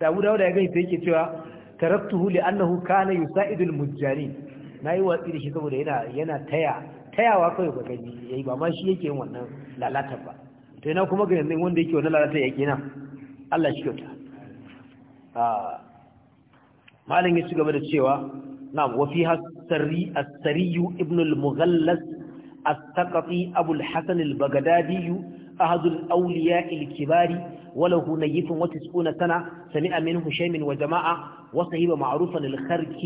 da abu dawo da ya gani sai yake cewa taraktuhu li annahu kana yusaidul mujjani yi watsi da shi saboda yana yana taya tayawa kawai ba gani yayi ba ma shi yake yin wannan lalata ba to yana kuma ga yanzu wanda yake wannan lalata ya nan Allah shi kyauta ah malam ya ci gaba da cewa na wafi hasu السري السري ابن المغلس الثقفي أبو الحسن البغدادي أحد الأولياء الكبار وله نيف وتسعون سنة سمع منه شيم وجماعة وصهب معروفا الخرك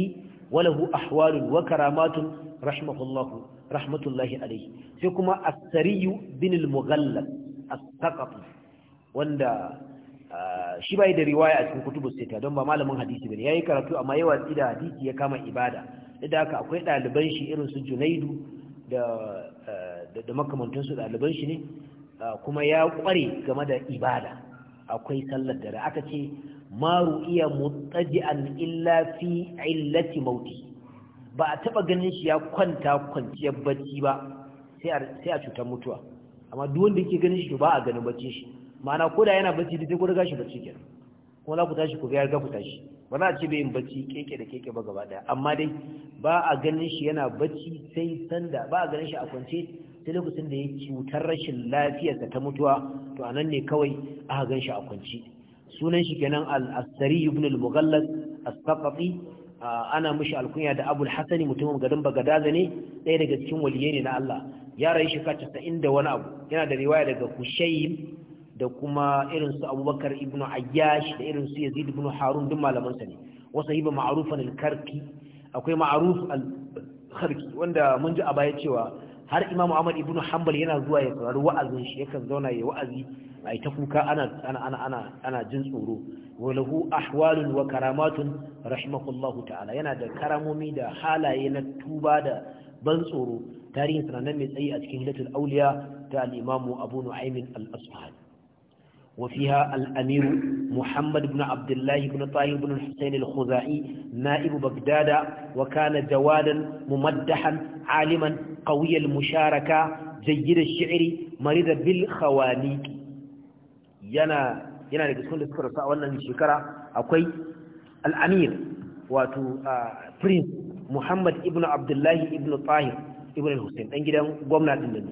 وله أحوال وكرامات رحمه الله رحمة الله عليه سيكما السري بن المغلب الثقفي wanda shi bai da riwaya a cikin kutubu sita don ba malamin hadisi bane yayi karatu amma yawa da hadisi ya kama ibada da haka akwai ɗaliban shi irin su junaidu da eh, su ɗaliban shi ne eh, kuma ya ƙware game da ibada akwai sallar da aka ce maru iya mutaji'an illa fi illati mauti ba a taɓa ganin shi ya kwanta kwanciyar bacci ba sai a cutar mutuwa amma duk wanda yake ganin shi ba a ganin bacci shi ma'ana ko yana bacci da sai ko shi bacci kenan kuma za ku tashi ku ga ku tashi ba na a ce bai yin bacci keke da keke ba gaba daya amma dai ba a ganin shi yana bacci sai sanda ba a ganin shi a kwance sai lokacin da ya cutar rashin lafiyarsa ta mutuwa to anan ne kawai aka gan shi a kwance. sunan shi kenan al-asari ibn al mughallaz as-saqafi ana mishi alkunya da abul hasani mutumin garin bagadaza ne ɗaya daga cikin waliyai ne na Allah ya rayu shekara 90 da wani abu yana da riwaya daga kushaym da kuma irin su abubakar ibnu ayyash da irin su yazid ibnu harun duk malaman sa ne wa sahiba ma'rufan al-karki akwai ma'ruf al wanda mun ji a baya cewa har imamu ahmad ibnu hanbal yana zuwa ya karu wa'azin shi yakan zauna ya wa'azi ai ta kuka ana ana ana ana jin tsoro walahu ahwalun wa karamatun rahimahullahu ta'ala yana da karamomi da halaye na tuba da ban tsoro tarihin sanannen mai tsayi a cikin hilatul auliya ta al-imamu abu nu'aymin al-asfahani وفيها الأمير محمد بن عبد الله بن طاهر بن الحسين الخزاعي نائب بغداد وكان جوادا ممدحا عالما قوي المشاركة جيد الشعر مريض بالخوانيك yana yana daga cikin da suka rasa wannan shekara akwai al'amir wato prince muhammad ibn abdullahi ibn tahir ibn hussein ɗan gidan gwamna ɗin da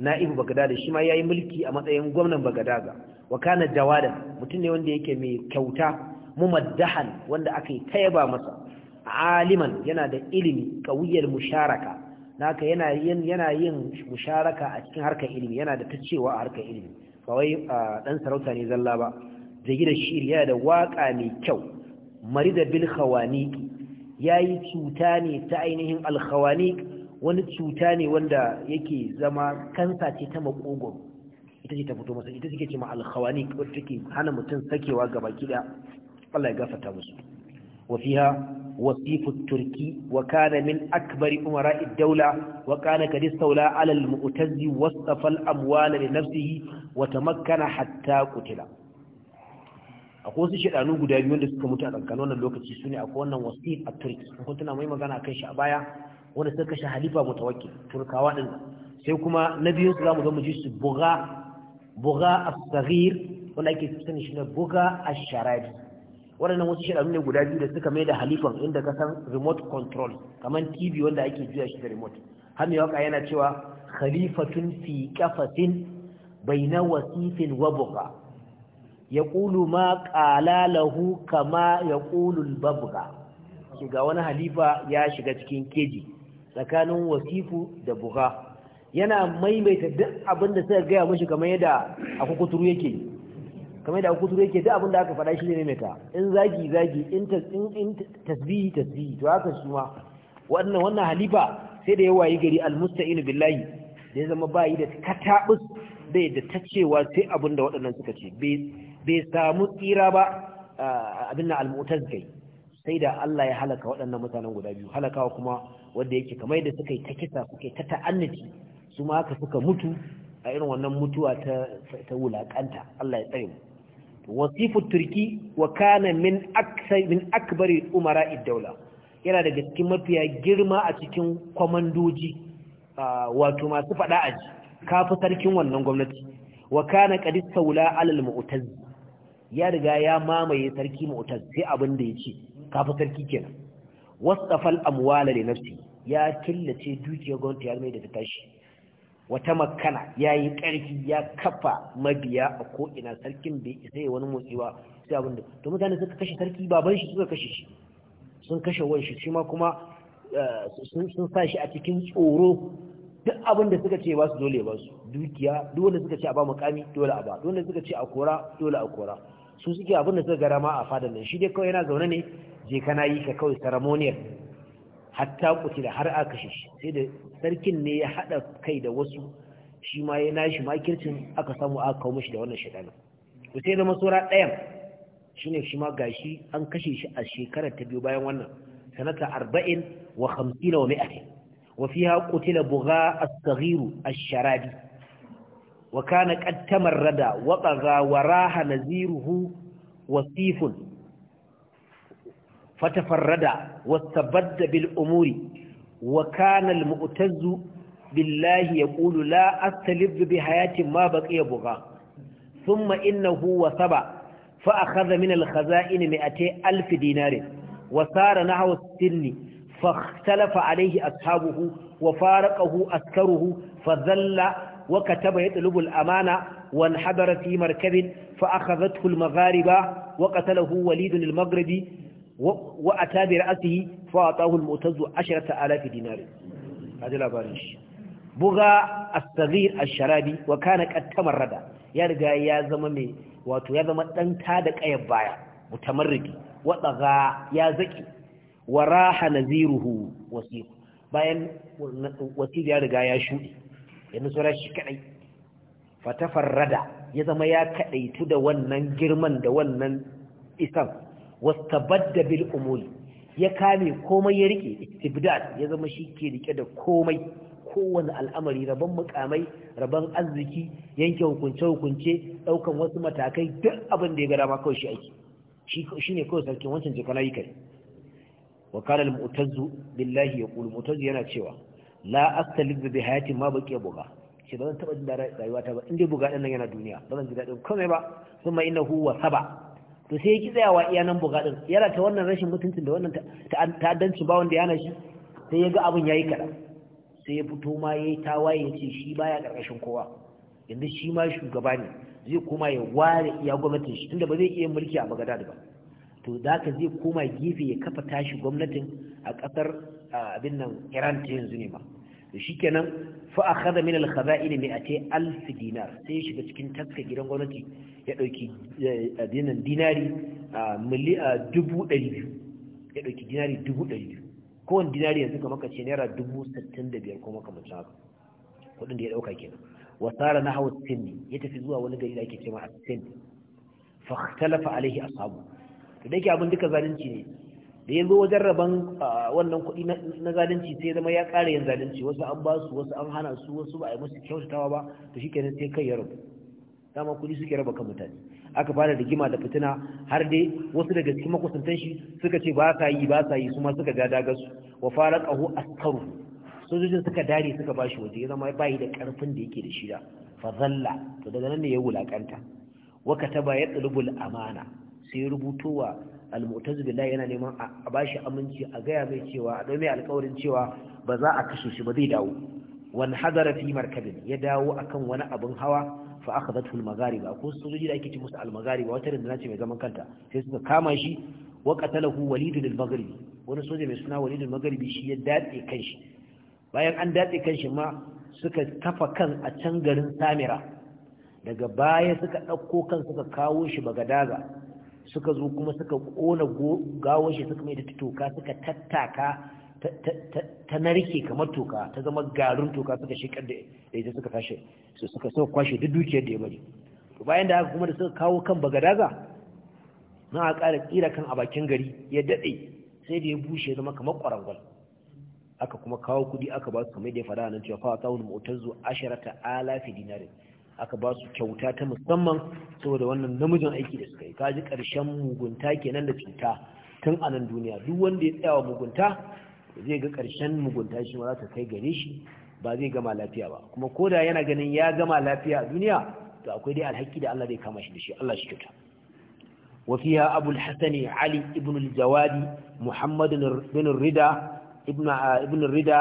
na'ibu Bagadada shi ma yayi mulki a matsayin gwamnan Bagadaga. wa kana jawadan mutum ne wanda yake mai kyauta mumaddahan wanda aka yi tayaba masa aliman yana da ilimi kawiyar musharaka naka yana yin yana yin musharaka a cikin harkar ilimi yana da tacewa a harkar ilimi ba wai dan sarauta ne zalla ba zai da shiri yana da waka mai kyau marida bil khawani yayi cuta ne ta ainihin al khawani wani cuta ne wanda yake zama kansa ce ta makogoro ita ce ta fito masa ita suke ce ma alkhawani wadda take hana mutum sakewa gaba kida Allah ya gafarta musu wa fiha wasifu turki wa kana min akbari umara'i daula wa kana kad istawla ala al-mu'tazi wasafa al-amwal li nafsihi wa tamakkana hatta qutila akwai wasu shaɗanu guda biyu da suka mutu a tsakanin wannan lokaci su ne akwai wannan wasif a turki kun tuna mai magana kan shi a baya wanda suka kashe halifa mutawakkil turkawa din sai kuma na biyu su zamu mu ji su buga buga as-saghir wanda ake sani shi na buga ash-sharabi shi wasu shaɗanu ne guda biyu da suka mai da halifan inda ka san remote control kamar tv wanda ake juya shi da remote har waka yana cewa khalifatun fi kafatin baina wasifin wa buga ya ma qala lahu kama ya ƙulu babga shiga wani halifa ya shiga cikin keji tsakanin wasifu da buga yana maimaita duk abin da suka gaya mashi kamar yadda kuturu yake kamar yadda kuturu yake duk abin da aka faɗa shi ne maimaita in zagi zagi in tasbihi tasbihi to haka su ma wannan wannan halifa sai da ya wayi gari almusta'in billahi da ya zama bayi da katabus bai yadda ta cewa sai abin da waɗannan suka ce bai samu tsira ba ah, abin na almutaz gai sai da Allah ya halaka waɗannan mutanen guda biyu halakawa kuma wanda yake kamar da suka yi ta kisa suka ta ta'annaci su ma haka suka mutu a irin wannan mutuwa ta wulaƙanta. Allah ya tsaye mu wasifu turki wa kana min aksai min akbari umara iddaula yana daga cikin mafiya girma a cikin kwamandoji wato masu fada aji kafi sarkin wannan gwamnati wa kana qad saula alal mu'taz ya riga ya mamaye sarki mu'taz sai abin da ce kafi sarki kenan wasafal amwala li nafsi ya killace dukiyar gwamnati ya zama da ta tashi wata makana ya yi ƙarfi ya kafa mabiya a ko'ina sarkin bai isa wani motsi ba sai abin da to mutane suka kashe sarki baban shi suka kashe shi sun kashe wani shi shi ma kuma eh, sun sa shi a cikin tsoro duk abin da suka ce ba su dole ba su dukiya duk wanda suka ce a ba mukami dole a ba duk wanda suka ce a kora dole a kora su suke abin da suka gara ma a fadar nan shi dai kawai yana zaune ne je kana yi ka kawai saramoniyar hatta kutila har aka kashe shi sai da sarkin ne ya hada kai da wasu shi ma ya nashi makircin aka samu aka kawo mashi da wannan shedanin to sai zama sura ɗayan shine shi ma gashi an kashe shi a shekarar ta biyu bayan wannan sanata arba'in wa hamsina wa mi'atin wa fiha qutila bugha as-saghiru ash-sharabi wa kana qad tamarrada wa qagha wa raha naziruhu wasifun fatafarrada wata badda bil umuri wa kanal mu'tazu billahi ya la la'astalibu bi hayatin ma baƙi ya buga sun ma'ina huwa saba fa'a kaza min alhaza'ini mai a te alfi dinarin wa tsara na hawa sinni fa talafa alaihi Ashabuhu, wa faraƙahu a tsaruhu fa zalla wa kataba ya ɗalibu amana, wa hadara fi markabin fa'a kaza tulmazari ba wa ƙasa lahu walidun al-magribi wa ata bi ra'sihi fa atahu al-mu'tazzu 10000 dinar hadi labarin shi buga as-saghir ash-sharabi wa kana qad tamarrada ya riga ya zama mai wato ya zama dan ta da kayar baya mutamarridi wa daga ya zaki wa raha naziruhu wasiq bayan wasiq ya riga ya shudi ya nusura shi kadai fatafarrada ya zama ya kadaitu da wannan girman da wannan isan wastabadda bil umuri ya kame komai ya rike istibdad ya zama shi ke rike da komai kowane al'amari rabon mukamai rabon arziki yanke hukunce-hukunce daukan wasu matakai duk abin da ya gara ma kawai shi aiki shi ne kawai sarkin wancan jikana yi kai wa kana al-mu'tazzu billahi yaqulu mu'tazzu yana cewa la astalib bi hayati ma baqiya buga shi ba zan taba jin rayuwata ba inda buga din nan yana duniya ba zan ji dadin komai ba kuma innahu wa saba to sai ya ki tsayawa iya nan buga din yana ta wannan rashin mutuncin da wannan ta'addanci ba wanda yana shi sai ya ga abin yayi kada sai ya fito ma yayi tawaye ya ce shi baya karkashin kowa yanzu shi ma shugaba ne zai koma ya ware iya gwamnatin shi tunda ba zai iya mulki a Baghdad ba to zaka zai koma gefe ya kafa tashi gwamnatin a kasar abin nan Iran ta yanzu ne ba. da shi kenan fa a kada min alkhaza'in mai a ce alf dinar sai ya shiga cikin taska gidan gwamnati ya ɗauki dinan dinari miliyan dubu ɗari biyu ya ɗauki dinari dubu ɗari biyu kowane dinari yanzu kama ka ce naira dubu sittin da biyar ko makamancin haka kuɗin da ya ɗauka kenan wasara na hawa sinni ya tafi zuwa wani gari da ake cewa a sinni fa talafa alaihi ashabu to dai abin duka zalunci ne da ya zo wajen raban wannan kuɗi na zalunci sai zama ya ƙara yin zalunci wasu an ba su wasu an hana su wasu ba a yi musu kyautatawa ba to shi kenan sai kai ya rabu dama kuɗi suke raba kan mutane aka fara rigima da fitina har dai wasu daga cikin makusantan shi suka ce ba sa yi ba sa yi su ma suka ga daga su wa fara ƙaho askaru sojojin suka dare suka ba shi waje ya zama ba yi da ƙarfin da yake da shi da fazalla to daga nan ne ya wulakanta wa kataba ya tsulubul amana sai rubutowa almutazu billahi yana neman a bashi aminci a gaya mai cewa a dau mai alƙawarin cewa ba za a kashe shi ba zai dawo wani hadara fi markabin ya dawo akan wani abin hawa fa akhadathu al-maghariba ko sojoji da ake ci musu al-maghariba wata rundunar ce mai zaman kanta sai suka kama shi wa qatalahu walidu al wani soja mai suna walidu al shi ya datse kanshi bayan an datse kanshi ma suka kafa kan a can garin samira daga baya suka ɗauko kan suka kawo shi bagadaga suka zo kuma suka ƙona gawon shi suka mai da toka suka tattaka ta narke kamar toka ta zama garin toka suka shekar da ita suka kashe suka suka kwashe duk dukiyar da ya bari bayan da haka kuma da suka kawo kan bagadaza na a ƙara tsira kan a bakin gari ya daɗe sai da ya bushe zama kamar ƙwarangwal aka kuma kawo kuɗi aka ba su kamar da ya faɗa nan cewa fa ta wani motar zuwa alafi dinarin aka ba su kyauta ta musamman saboda wannan namijin aiki da suka yi kaji ƙarshen mugunta kenan da cuta tun a nan duniya duk wanda ya tsaya mugunta zai ga ƙarshen mugunta shi ma za ta kai gare shi ba zai gama lafiya ba kuma ko da yana ganin ya gama lafiya a duniya to akwai dai alhaki da Allah zai kama shi da shi Allah shi kyauta وفيها أبو الحسن علي بن rida محمد بن الردى ابن ابن الردى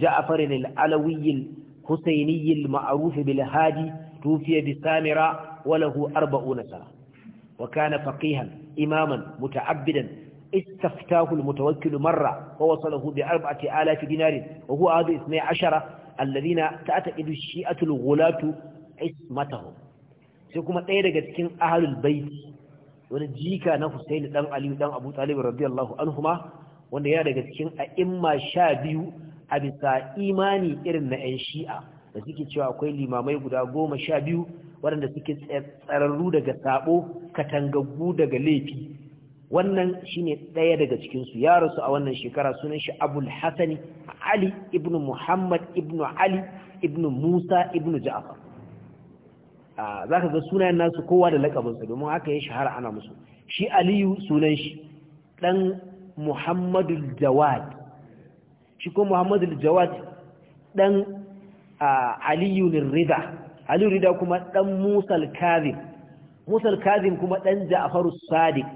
جعفر العلوي الحسيني المعروف بالهادي توفي بسامرة وله أربعون سنة وكان فقيها إماما متعبدا استفتاه المتوكل مرة ووصله بأربعة آلاف دينار وهو هذا اثنى عشر الذين تعتقد الشيئة الغلاة عصمتهم سيكون تيرك تكين أهل البيت ونجيكا نفسين دم علي ودم أبو طالب رضي الله عنهما wanda ya daga cikin a'imma sha biyu a bisa imani irin na 'yan shi'a da suke cewa akwai limamai guda goma sha biyu waɗanda suke tsararru daga sabo katangaggu daga laifi wannan shine ɗaya daga cikinsu ya rasu a wannan shekara sunan shi abul hasani ali ibn muhammad ibn ali ibn musa ibn ja'far za ka ga sunayen nasu kowa da lakabinsa domin haka ya shahara ana musu shi aliyu sunan shi ɗan Muhammadu jawad shi ko muhammadu jawad dan aliyu rida aliyu rida kuma dan musal kazim musal kazim kuma dan ja'faru sadiq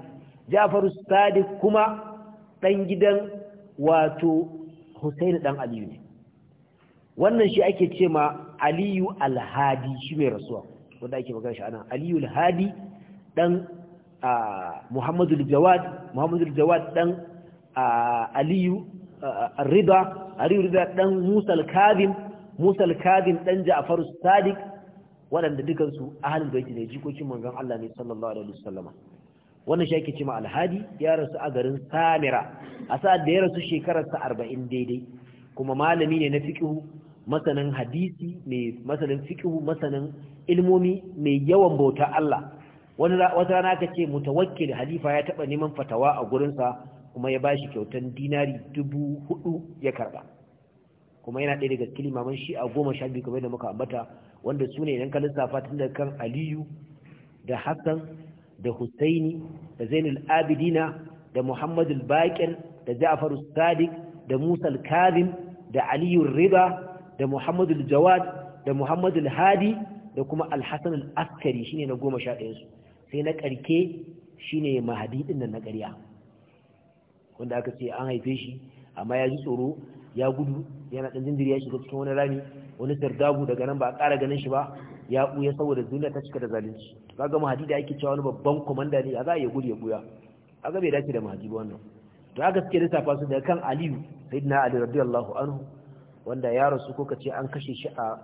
ja'faru sadiq kuma dan gidan wato husaini dan aliyu ne wannan shi ake ce ma aliyu alhadi shi mai rasuwa wanda ake magana shi ana aliyu Al-Hadi, dan muhammadu jawad muhammadu jawad dan aliyu rida ali rida dan musal kadhim musal kadhim dan ja'far sadiq waɗanda dukansu ahalin baiti ne jikokin manzon Allah ne sallallahu alaihi wasallama wannan shi ake cewa alhadi ya rasu a garin samira a sa'ad da ya rasu shekararsa arba'in daidai kuma malami ne na fiƙihu masanin hadisi mai masanin fiƙihu masanin ilmomi mai yawan bauta Allah wata rana aka ce mutawakkil halifa ya taɓa neman fatawa a gurinsa kuma ya bashi kyautan dinari dubu hudu ya karba kuma yana ɗaya daga cikin imaman shi a goma sha biyu kamar da muka ambata wanda su ne idan ka lissafa tun daga kan aliyu da hassan da husaini da zainul abidina da muhammadul baƙir da ja'faru sadiq da musa kazim da aliyu riba da muhammadul jawad da muhammadul hadi da kuma alhassan askari shine na goma sha su. sai na ƙarke shine mahadi ɗin nan na ƙarya wanda aka ce an haife shi amma ya ji tsoro ya gudu yana ɗan jinjiri ya shiga cikin wani rami wani sardabu daga nan ba a ƙara ganin shi ba ya buya saboda duniya ta cika da zalunci kaga mahadi da ake cewa wani babban komanda ne a za a iya gudu ya ɓuya kaga bai dace da mahadi ba wannan to aka suke safa su daga kan aliyu sayyidina ali radiyallahu anhu wanda ya rasu ko kace an kashe shi a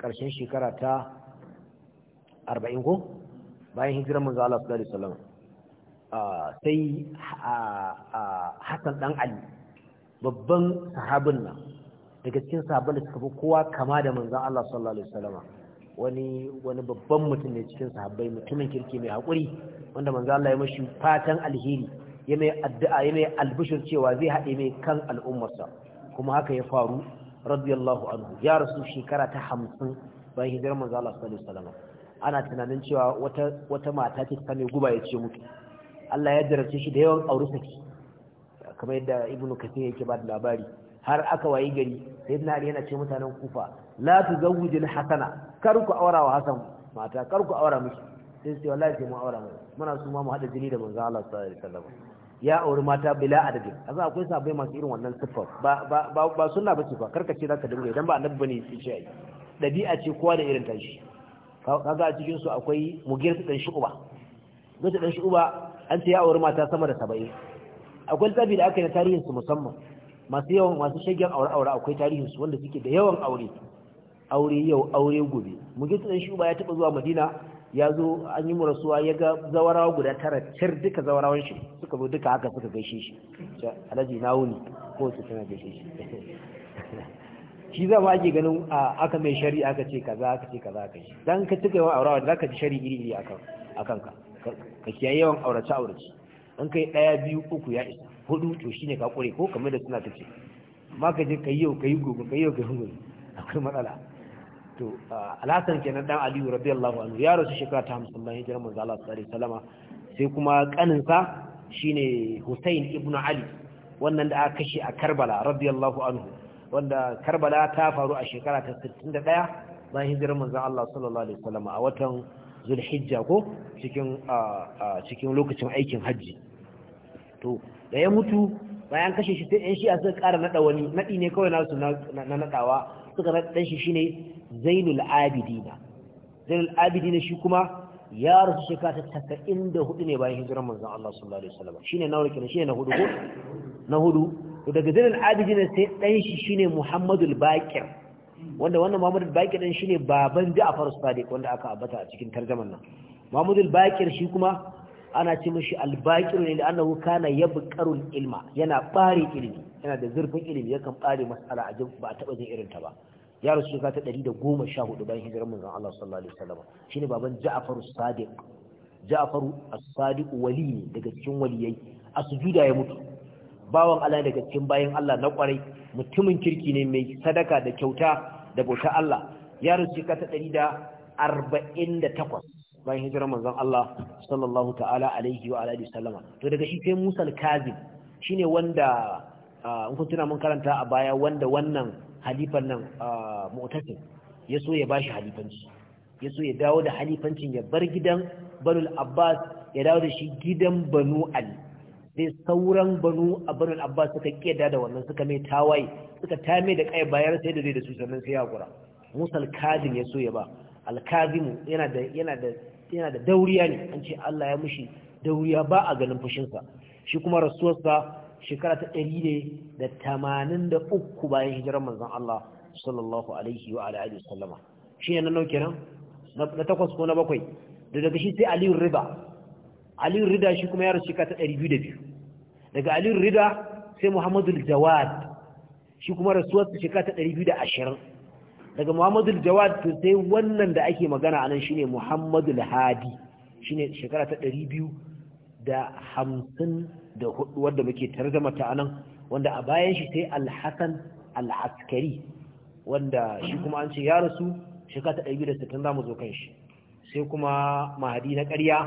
ƙarshen shekara ta arba'in ko bayan hijiran manzo Allah sallallahu alaihi wasallam sai hassan ɗan ali babban sahabin nan daga cikin sahabin da suka fi kowa kama da manzan Allah sallallahu Alaihi wasallama wani wani babban mutum ne cikin sahabbai mutumin kirki mai haƙuri wanda manzan Allah ya mashi fatan alheri ya mai addu'a ya mai albishir cewa zai haɗe mai kan al'ummarsa kuma haka ya faru radiyallahu anhu ya rasu shekara ta hamsin bayan hijirar manzan Allah sallallahu Alaihi wasallama ana tunanin cewa wata mata ce ta mai guba ya ce mutu Allah ya jarace shi da yawan aure saki kamar yadda ibnu kathir yake ba da labari har aka wayi gari na ali yana ce mutanen kufa la tuzawwijil hasana kar ku aura wa hasan mata kar ku aura miki sai sai wallahi sai mu aura mu muna su ma mu hada jini da manzo Allah sallallahu alaihi wasallam ya auri mata bila adadin kaza akwai sabai masu irin wannan siffar ba ba ba sunna bace ba ce zaka dinga idan ba annabi bane sai ce ai dabi'a ce kowa da irin tashi kaga a cikin su akwai mugirta dan shu'uba mugirta dan uba an ce ya auri mata sama da saba'in akwai tsabi da aka yi na tarihinsu musamman masu yawan masu shagen aure-aure akwai tarihinsu wanda suke da yawan aure aure yau aure gobe mugin tsanin shuba ya taɓa zuwa madina ya zo an yi murasuwa ya ga zawarawa guda tara cir duka zawarawan shi suka zo duka haka suka gaishe shi alhaji na wuni ko su tana gaishe shi shi za ma ake ganin aka mai shari'a aka ce kaza aka ce kaza aka ce dan ka tuka yawan aure da zaka ji shari'a iri iri akan akan ka ka kiyaye yawan aurace aurace in kai daya biyu uku ya isa hudu to shine ka kure ko kamar da suna tace amma ka je kai yau kai gobe kai yau kai gobe akwai matsala to alasan kenan dan aliyu radiyallahu anhu ya rasu shekara ta 50 bayan hijirar manzo Allah sallallahu alaihi wasallam sai kuma sa shine Hussein ibn Ali wannan da aka kashe a Karbala radiyallahu anhu wanda Karbala ta faru a shekara ta 61 bayan hijirar manzo Allah sallallahu alaihi wasallam a watan zulhijja ko cikin cikin lokacin aikin hajji to da ya mutu bayan kashe shi sai yan a suka ƙara naɗa wani naɗi ne kawai nasu na naɗawa suka naɗa shi shine zainul abidina zainul abidina shi kuma ya rasu shekara ta tasa'in da hudu ne bayan hijiran manzon Allah sallallahu alaihi wasallam shine na wurin shine na hudu ko na hudu to daga zainul abidina sai ɗan shi shine muhammadul baqir wanda wannan Muhammad al-Baqir din shine baban a as-Sadiq wanda aka abata a cikin tarzaman nan Muhammad al-Baqir shi kuma ana ce mishi al-Baqir ne na ya yabqarul ilma yana bare ilimi yana da zurfin ilimi yakan bare mas'ala a ba a taba jin irin ta ba ya rasu ka ta 114 bayan hijirar zan Allah sallallahu alaihi wasallam shine baban Ja'far as-Sadiq Ja'far as-Sadiq wali daga cikin waliyai sujuda ya mutu bawan Allah daga cikin bayan Allah na kwarai mutumin kirki ne mai sadaka da kyauta da bauta Allah ya rusu ka ɗari da arba'in da takwas bayan hijirar manzon Allah sallallahu ta'ala alaihi wa alihi sallama to daga shi sai Musa al-Kazim shine wanda in kun tuna mun karanta a baya wanda wannan halifan nan mu'tasim ya so ya bashi halifanci ya so ya dawo da halifancin ya bar gidan Banul Abbas ya dawo da shi gidan Banu Ali sai sauran banu a banu Abba suka keda da wannan suka mai tawaye suka ta mai da kai bayar sai da zai da su sannan sai ya kura musa alkazim ya so ya ba alkazim yana da yana da yana da dauriya ne an ce Allah ya mushi dauriya ba a ganin fushinsa shi kuma rasuwarsa shekara ta ɗari ne da tamanin da uku bayan hijirar manzon Allah sallallahu alaihi wa alihi wasallama shi ne na nauke nan na takwas ko na bakwai da daga shi sai aliyu riba aliyu rida shi kuma ya rasu shekara ta ɗari biyu da biyu daga Ali Rida sai Muhammadul Jawad shi kuma rasuwar su shekara ta 220 daga Muhammadul Jawad to sai wannan da ake magana anan shine Muhammadul Hadi shine shekara ta da da hudu, wanda muke tarjuma ta anan wanda a bayan shi sai Al-Hasan Al-Askari wanda shi kuma an ce ya rasu shekara ta 260 zamu zo kan shi sai kuma mahadi na ƙarya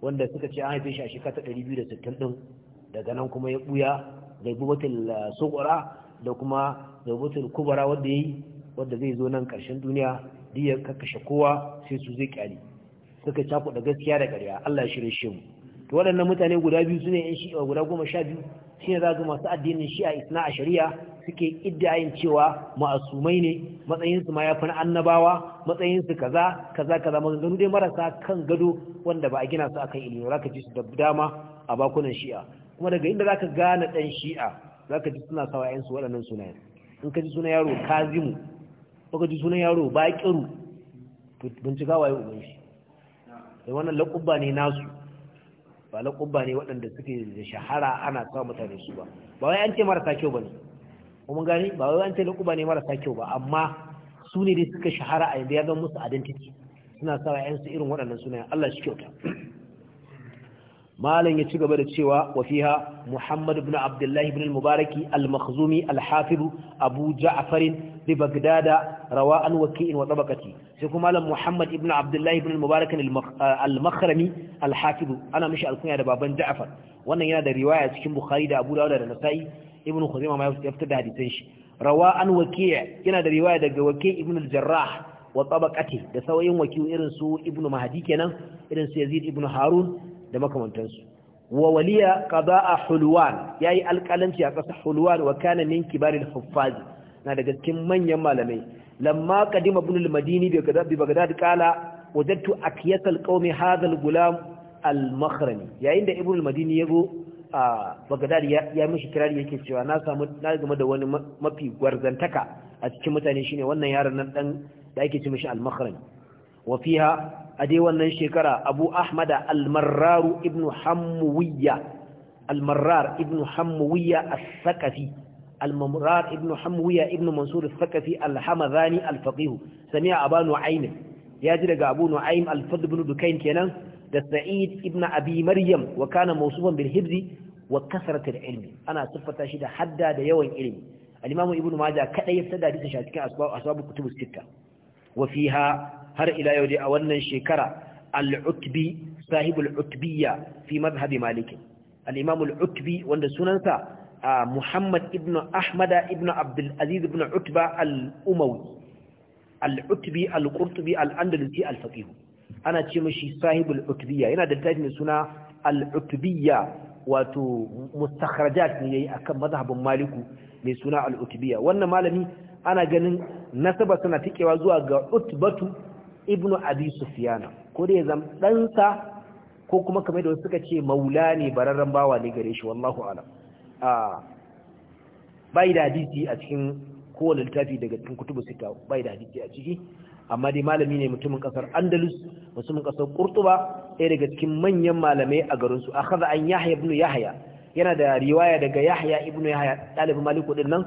wanda suka ce an haife shi a shekara ta 260 din daga nan kuma ya buya da bubatul eh, sugura da kuma da kubara wanda yayi wanda zai zo nan karshen duniya duk ya kakkashe kowa sai su zai kyali suka cako da gaskiya da ƙarya Allah ya shirye shi mu to waɗannan mutane guda biyu sune yan shi'a guda goma sha biyu shine za ga masu addinin shi'a isna a shari'a suke iddayin cewa ma'asumai ne matsayinsu ma ya fi annabawa matsayinsu kaza kaza kaza maganganu dai marasa kan gado wanda ba a gina su akan ilimi za ka ji su da dama a bakunan shi'a kuma daga inda za ka gane ɗan shi'a za ka ji suna sawa ƴansu waɗannan sunayen in ka ji sunan yaro kazimu ko ka ji sunan yaro baƙiru to bincika waye uban shi da eh, wannan laƙubba ne nasu ba laƙubba ne waɗanda suke da shahara ana sa mutane su ba ba wai an ce marasa kyau ba ne. kuma gani ba wai an ce laƙubba ne marasa kyau ba amma su ne dai suka shahara a yanzu ya zama musu identity suna sa ƴansu irin waɗannan sunayen Allah shi kyauta malam ya ci gaba da cewa wa fiha muhammad ibn abdullah ibn al-mubaraki al-makhzumi al-hafiz abu ja'far bi baghdad rawa an wa tabaqati sai kuma malam muhammad ibn abdullah ibn al-mubarak al-makhrami al ana mishi alkunya da baban ja'far wannan yana da riwaya cikin bukhari da abu dawud da nasa'i ibn khuzaimah ma ya fitar da hadisan shi rawa an waki' yana da riwaya daga waki' ibn al-jarrah wa tabaqati da sauyin waki'u irin su ibn mahdi kenan irin su yazid ibn harun da makamantansu wa waliya qada'a hulwan yayi alqalanci a ƙasar hulwan wa kana min kibaril huffaz na daga cikin manyan malamai lamma qadima ibn al-madini bi kadab bi bagdad qala wajadtu akiyasal qaumi hadha al-gulam al-makhrami yayin da ibn al-madini yago a bagdad ya mishi kirari yake cewa na samu na gama da wani mafi gwarzantaka a cikin mutane shine wannan yaron nan dan da ake ce mishi al-makhrami wa fiha a dai wannan shekara abu ahmada almararu ibn hamuwiya almarar ibn hamuwiya al-sakafi almarar ibn hamuwiya ibn mansur al-sakafi alfakihu al-faqihu sami abu nu'aim ya ji daga abu nu'aim kenan da sa'id ibn abi maryam wa kana mawsufan bil hibzi wa kasrat ana sifata shi da hadda da yawan ilimi al-imam ibn majah kada ya tada da shi cikin asbab asbab kutub sittah har ila yau dai a wannan shekara al-utbi sahibul utbiyya fi madhhab malik al-imam al-utbi wanda sunansa muhammad ibn ahmad ibn abdul aziz ibn utba al-umawi al-utbi al-qurtubi al-andalusi al-faqih ana ce mishi sahibul utbiyya yana da tarihi suna al-utbiyya wato mustakharajat ne yayi akan mazhabin maliku mai suna al-utbiyya wannan malami ana ganin nasaba suna tikewa zuwa ga utbatu ibnu abi sufyana ko da ya ɗansa ko kuma kamar da suka ce maula ne bararren bawa ne gare shi wallahu alam bai da hadisi a cikin kowane littafi daga cikin kutubu sita bai da hadisi a ciki amma dai malami ne mutumin kasar andalus mutumin kasar kurtuba ɗaya daga cikin manyan malamai a garin su akhadha an yahya ibnu yahya yana da riwaya daga yahya ibnu yahya dalibin maliku din nan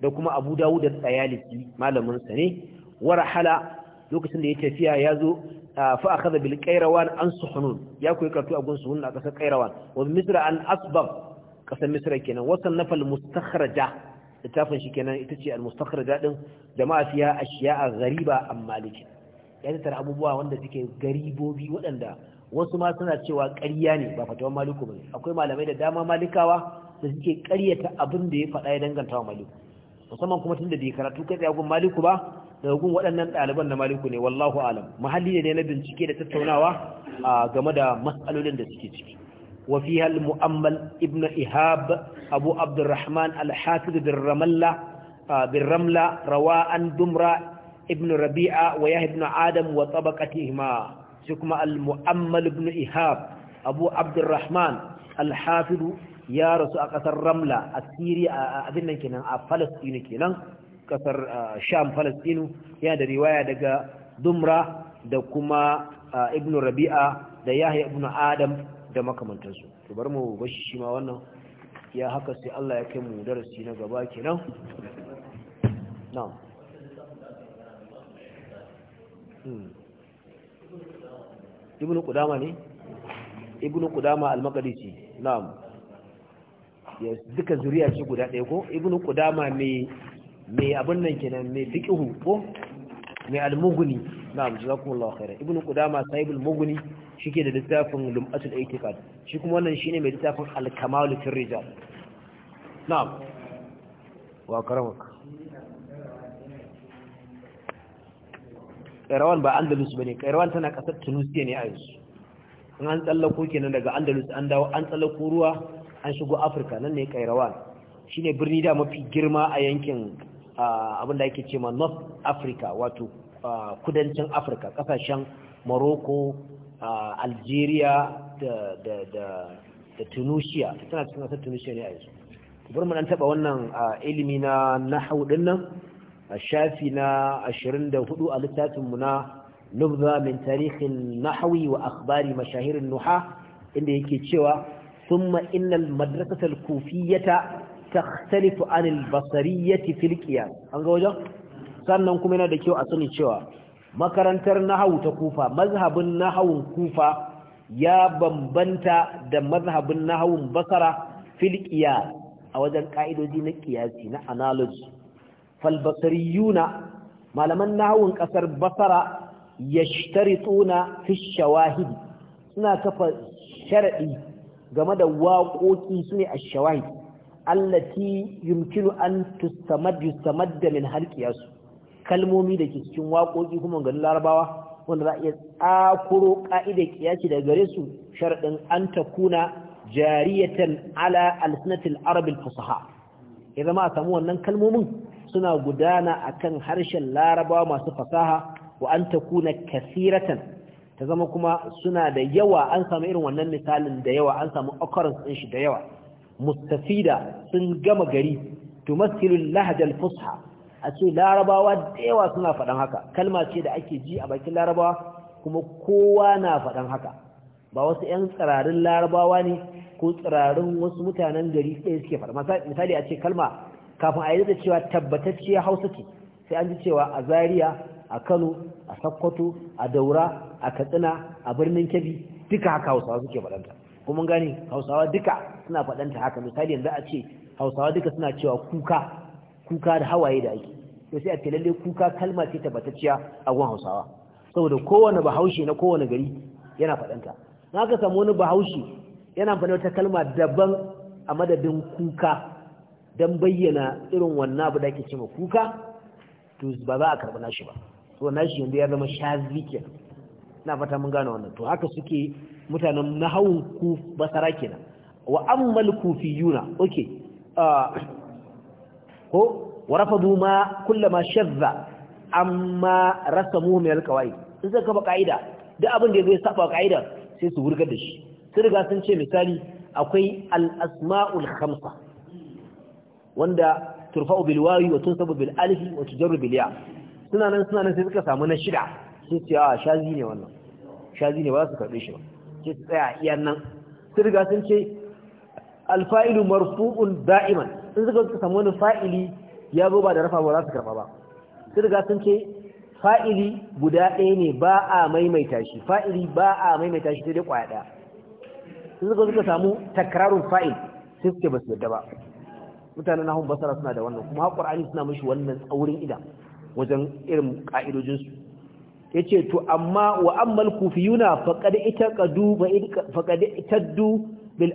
da kuma abu dawud da tsayalisi malamin sa ne warhala lokacin da ya tafiya ya zo fa akhadha bil qairawan an suhunun ya koyi karatu a gun suhunun a ƙasar kairawan wa misra an asbab kasar misra kenan wa sannafa al mustakhraja littafin shi kenan ita ce al mustakhraja din jama'a fiya a ghariba am maliki ya tara abubuwa wanda suke garibobi waɗanda wasu ma suna cewa ƙarya ne ba fatawa maliku bane akwai malamai da dama malikawa da suke ƙaryata abin da ya faɗa ya danganta wa maliku musamman kuma tun da bai karatu kai tsaye gun maliku ba da gun waɗannan ɗaliban na maliku ne wallahu alam mahalli ne na bincike da tattaunawa game da matsalolin da suke ciki wa fi hal mu'ammal ibn ihab abu abdurrahman al-hafiz bin ramla rawa an dumra ibn rabi'a wa yahya ibn adam wa tabaqatihima shi kuma al-mu'ammal ibn ihab abu abdurrahman al-hafiz ya rasu a ƙasar ramla a siriya abin nan kenan a palestine kenan kasar sham falastinu yana da riwaya daga dumra da kuma ibnu rabi'a da yahya ibnu adam da makamantansu to bar mu bashi shi ma wannan ya haka sai Allah ya kai mu darasi na gaba kenan na'am hmm. ibnu qudama ne ibnu qudama al-maqdisi na'am ya duka zuriya ce guda ɗaya ko ibnu qudama mai mai abin nan kenan mai fiqhu ko mai al-mughni na'am Ibn Kudama ibnu qudama sahibul shi ke da littafin lum'atul i'tiqad shi kuma wannan shi ne mai littafin Alkamalu kamal na na'am wa karamaka Kairawan ba Andalus ba ne. Kairawan tana kasar Tunisia ne a yanzu an tsallako kenan daga Andalus an dawo an tsallako ruwa an shigo Afirka nan ne Kairawan ne birni da mafi girma a yankin abin da ake ce ma north africa wato kudancin afirka kasashen morocco algeria da tunisia tana cikin kasar tunisia ne a yanzu bari mu dan taba wannan ilimi na nahwu din nan shafi na 24 a littafin mu na nubza min tarihin nahwi wa akhbari mashahirin nuha inda yake cewa thumma innal madrasatal kufiyata takhtalifu anil basariyyati fil qiyas an ga wajen sannan kuma yana da kyau a sani cewa makarantar nahawu ta kufa mazhabin nahawun kufa ya bambanta da mazhabin nahawun basara fil a wajen ka'idoji na qiyasi na analogy Falbasariyuna, malaman nahawun kasar basara yashtarituna fi shawahid suna kafa sharadi game da waƙoƙi su ne a shawahid allati yumkinu an tustamad yustamadda min halqiyasu kalmomi da ke cikin waƙoƙi kuma ganin larabawa wanda za a iya tsakuro ƙa'idar ƙiyaci daga gare su sharaɗin an ta kuna jariyatan ala alsinatil arabil fasaha ya zama a samu wannan kalmomin suna gudana akan harshen larabawa masu fasaha wa an ta kuna kasiratan ta zama kuma suna da yawa an samu irin wannan misalin da yawa an samu occurrence ɗin shi da yawa mustafida sun gama gari tumassilu lahjal fusha a ce larabawa da yawa suna faɗan haka kalma ce da ake ji a bakin larabawa kuma kowa na faɗan haka ba wasu 'yan tsirarin larabawa ne ko tsirarin wasu mutanen gari ɗaya suke faɗa misali a ce kalma kafin a yi da cewa tabbatacciyar hausa ce sai an ji cewa a Zariya, a kano a sakkwato a daura a katsina a birnin kebbi duka haka hausawa suke faɗanta kuma gane hausawa duka suna faɗanta haka misali yanzu a ce hausawa duka suna cewa kuka kuka da hawaye da ake to sai a ce lalle kuka kalma ce tabbatacciya a gwan hausawa saboda kowane bahaushe na kowane gari yana faɗanta na ka samu wani bahaushe yana amfani wata kalma daban a madadin kuka don bayyana irin wannan abu da ake cewa kuka to ba za a karɓi nashi ba to nashi yanzu ya zama shazi kenan na fata mun gane wannan to haka suke mutanen nahawun ku basara kenan wa ammal kufiyuna okay ko warafadu ma kullama shadda amma rasamu min alqawaid Sun suka ba kaida duk abin da zai saba kaida sai su wurgar da shi sun riga sun ce misali akwai al-asma'ul khamsa wanda turfa'u bil wawi wa tunsabu bil alif wa tujarru bil ya suna nan suna nan sai suka samu na shida Sun ce a ah, shazi ne wannan shazi ne ba su karbe shi ba ke tsaya iya nan sai riga sun ce alfa'ilu marfu'un da'iman sun suka samu wani fa'ili ya zo ba da rafa ba za su karba ba sai riga sun ce fa'ili guda ɗaya ne ba a maimaita shi fa'ili ba a maimaita shi sai dai kwaya ɗaya sun suka suka samu takrarun fa'il sai suke ba su yadda ba mutanen nahun basara suna da wannan kuma haƙur'ani suna mashi wannan tsaurin idan wajen irin ƙa'idojinsu Ya ce to amma wa ammal kufiyuna faqad itaqadu faqad itaddu bil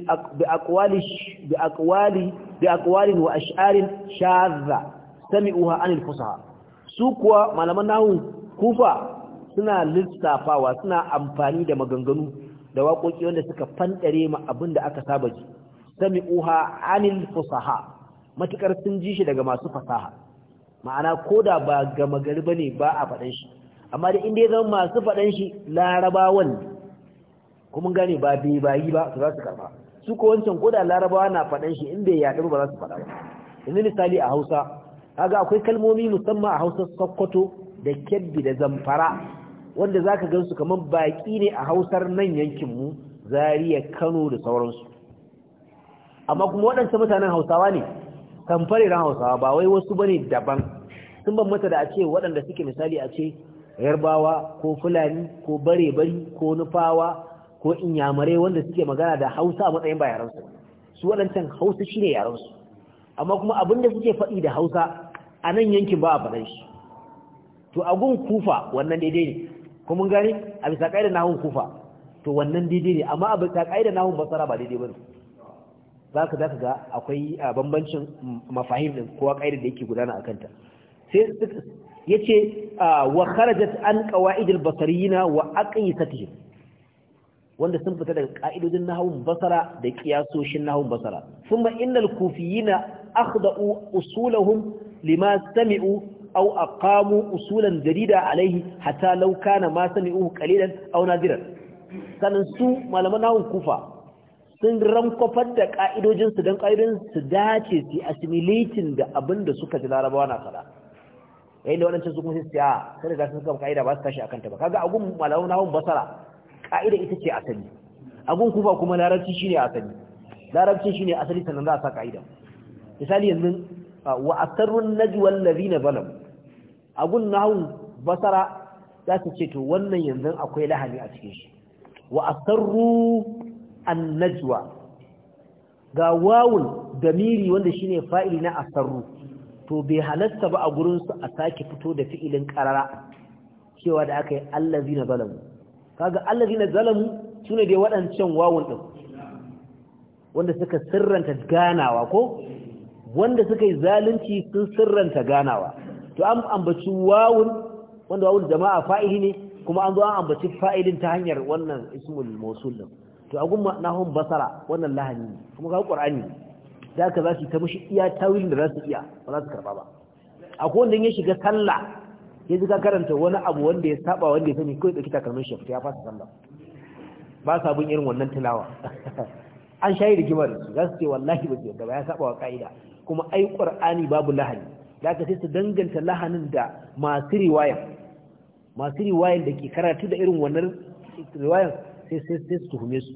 aqwali bi aqwali wa ash'arin shadha anil fusaha su kuwa malaman nahwu kufa suna lissafawa suna amfani da maganganu da waƙoƙi wanda suka fandare ma abin da aka saba ji sami'uha anil fusaha matuƙar sun ji shi daga masu fasaha ma'ana koda ba gama gari ba ne ba a faɗan shi amma da inda ya zama masu faɗan shi larabawan kuma gane ba bai yi ba su za su karba su ko wancan koda larabawa na faɗan shi in bai yaɗu ba za su faɗa ba yanzu misali a hausa kaga akwai kalmomi musamman a hausa sokoto da kebbi da zamfara wanda za ka gansu kamar baƙi ne a hausar nan yankinmu zariya kano da sauransu amma kuma waɗansa mutanen hausawa ne ran hausawa ba wai wasu bane daban sun ban mata da a ce waɗanda suke misali a ce yarbawa ko fulani ko bare-bari ko nufawa ko inyamare wanda suke magana da hausa a matsayin ba su waɗancan hausa shi ne yaransu amma kuma abin da suke faɗi da hausa a nan yankin ba a faɗan shi to a gun kufa wannan daidai ne kuma gani a bisa ƙa'idar nahun kufa to wannan daidai ne amma a bisa ƙa'idar nahun basara ba daidai ba ne za ka za ka ga akwai ah, bambancin mm, mafahim ɗin kowa ƙa'idar da yake gudana a kanta sai yace ah, wa kharajat an qawaid al-basriyina wa aqisatihim wanda sun fita daga ka'idodin nahawun basara da kiyasoshin nahawun basara thumma innal kufiyina akhda'u usulahum lima sami'u aw aqamu usulan jadida alayhi hatta law kana ma sami'uhu qalilan aw nadiran sanan su malaman nahawun kufa sun rankofar da ƙa'idojinsu don ƙa'idojin su dace su assimilating da abin da suka ji larabawa na fada yayin da waɗancan su kuma sai siya. sai da sun kama ka'ida ba su tashi a ta ba kaga agun malamu nahun basara ka'ida ita ce asali agun kufa kuma larabci shine asali larabci shine asali sannan za a sa ka'ida misali yanzu wa asarrun najwa allazina zalam agun nahun basara za su ce to wannan yanzu akwai lahani a cikin shi wa asarru an najwa ga wawun damiri wanda shine fa'ili na asarru to bai halatta ba a gurinsu a sake fito da fi'ilin ƙarara cewa da aka yi allazi na zalamu kaga allazi na zalamu su ne dai waɗancan wawun ɗin wanda suka sirranta ganawa ko wanda suka yi zalunci sun sirranta ganawa to an ambaci wawun wanda wawun jama'a fa'ili ne kuma an zo an ambaci fa'ilin ta hanyar wannan ismul mausul din to agun nahum basara wannan lahani kuma ga qur'ani da aka za su ta mushi iya tawilin da za su iya ba za su karba ba akwai wanda ya shiga sallah ya ji ka karanta wani abu wanda ya saba wanda ya sani kawai ɗauki takalmin shi ya fasa sallah ba sa bin irin wannan tilawa an shayi da su za su ce wallahi ba su yadda ba ya saba wa ka'ida kuma ai qur'ani babu lahani da aka sai su danganta lahanin da masu riwaya masu riwayan da ke karatu da irin wannan riwayan sai sai su tuhume su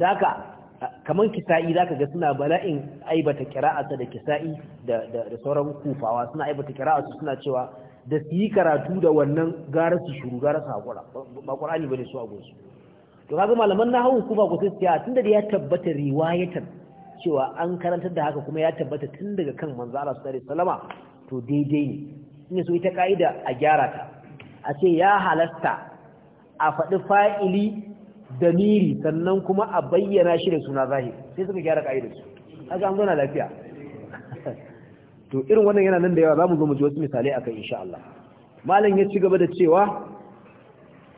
da aka kaman kisa'i za ka ga suna bala'in aibata qira'ata da kisa'i da sauran kufawa suna aibata qira'atu suna cewa da su yi karatu da wannan gara su shuru gara su haƙura ba qur'ani ne su a su to kaga malaman nahwu kufa ko sai ya tunda da ya tabbata riwayatan cewa an karantar da haka kuma ya tabbata tun daga kan manzo Allah sallallahu alaihi wasallama to daidai ne in so ita kaida a gyara ta a ce ya halasta a faɗi fa'ili damiri sannan kuma a bayyana shi da suna zahiri sai suka gyara ka'idarsu kaga an zauna lafiya to irin wannan yana nan da yawa mu zo mu ji wasu misalai kan insha Allah malam ya ci gaba da cewa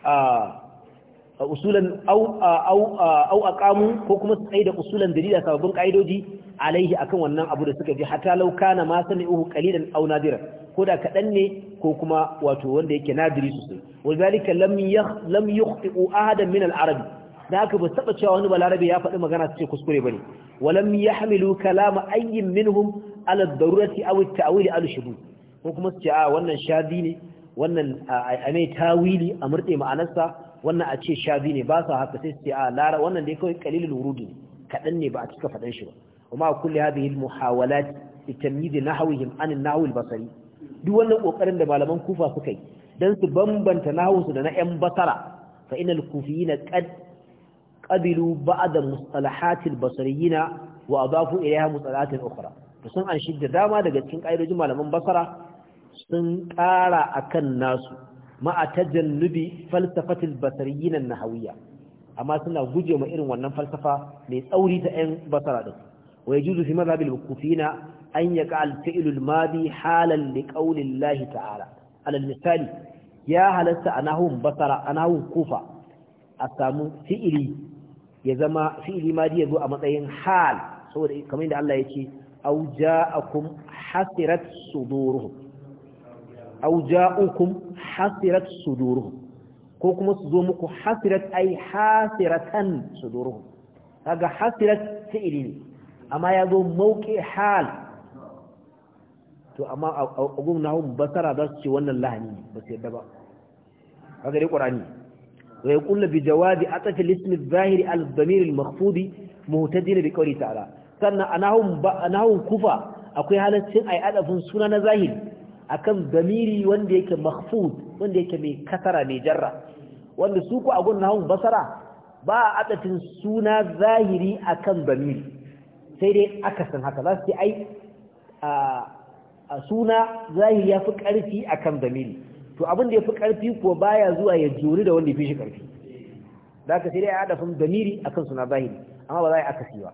a usulan au a au ko kuma su da usulan dalila sababbin ka'idoji alaihi akan wannan abu da suka ji Hata laukana kana ma kalilan au aw nadiran ko da kaɗan ne ko kuma wato wanda yake nadiri sosai wazalika lam yukhti'u ahadan min al-arab da haka ba taba cewa wani balarabe ya faɗi magana ce kuskure bane walam hamilu kalama ayyin minhum ala ad-darurati aw at-ta'wil shubu ko kuma su ce a ah, wannan shadi ne wannan a mai tawili a murde ma'anarsa wannan a ce shadi ne ba su haka sai su ce a ah, lara wannan dai kawai wurudu ne kaɗan ne ba a cika faɗan shi ba kuma kulli hadhihi al-muhawalat litamyid nahwihim an an-nahw al-basri duk wannan kokarin da malaman kufa suka yi dan su bambanta hausa da na ƴan basara fa innal kufiyina qad qabilu ba'da mustalahatil basriyina wa adafu ilayha mustalahatin ukhra to sun an shidda dama daga cikin ƙa'idojin malaman basara sun ƙara akan nasu ma'a tajannubi falsafatil basriyina nahawiyya amma suna guje ma irin wannan falsafa mai tsauri ta ƴan basara din ويجوز في مذهب المكوفين أن يقع الفعل الماضي حالا لقول الله تعالى على المثال يا هلس أناهم بصرة أناهم كوفة أسامو فئلي يزما فئلي ماضي يزو أمطين حال سوى كما عند الله يتي أو جاءكم حسرت صدورهم أو جاءكم حسرت صدورهم كوكم صدومكم حسرت أي حاسرة صدورهم هذا حسرت فئلي amma ya zo mauke hal to amma a gudun nahun basara za su ce wannan lahani ba su yadda ba haka dai ƙwarani wai kulla bi jawabi a tafi lismin zahiri al-damirin makhfudi mutajin da kawai ta'ala sannan a nahun kufa akwai halaccin a yi adafin suna na zahiri kan damiri wanda yake makfud, wanda yake mai kasara mai jarra wanda su ku a gudun nahun basara ba a adafin suna zahiri akan zamiri sai dai akasin haka za su ce ai a suna zahiri ya fi ƙarfi a kan zamiri to abin da ya fi ƙarfi kuwa baya zuwa ya juri da wanda ya fi shi ƙarfi da aka sai dai a haɗa zamiri a kan suna zahiri amma ba za a yi akasi ba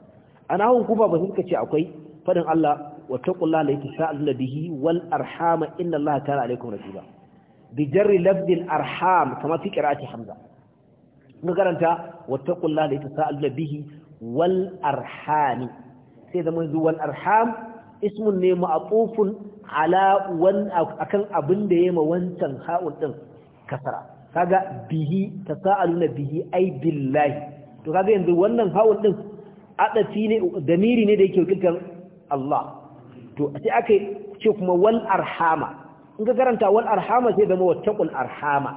A hau kuma ba suka ce akwai faɗin Allah wa taqullaha la yata'allu bihi wal arhama inna Allah ta'ala alaikum rasulullah bi jarri lafdin arham kama fi hamza mun karanta wa taqullaha la bihi wal arhami sai zama zuwan arham ismun ne ma'atufun ala wan akan abin da yema wancan ha'un din kasara kaga bihi tasaaluna bihi ai billahi to kaga yanzu wannan ha'un din adafi ne damiri ne da yake Allah to sai aka ce kuma wal arhama in ka karanta wal arhama sai zama wattaqul arhama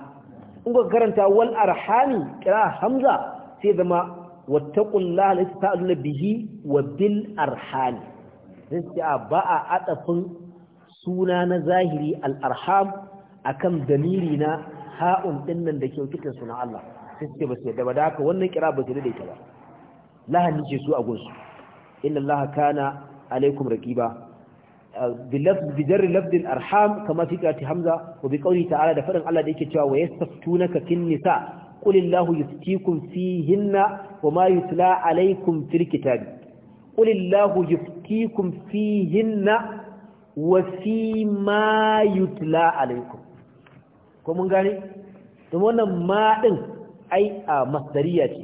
in ka karanta wal arhami kira hamza sai zama wattaqullaha la ta'allu bihi wa bil arham sai ba a adafin suna na zahiri al arham akan damiri na ha'un dinnan da ke kitan suna Allah sai ce ba sai da ba haka wannan kira ba ta da ita ba lahani ce su a su. inna allaha kana alaikum raqiba Bi jarri لفظ الارحام كما في قراءه حمزه Hamza. Wa bi فدان ta'ala da yake cewa wayastafunaka kin nisa قل الله يفتيكم فيهن وما يتلى عليكم في الكتاب قل الله يفتيكم فيهن وفيما يتلى عليكم kuma gani ثم wannan ما دين ai a masdariya ce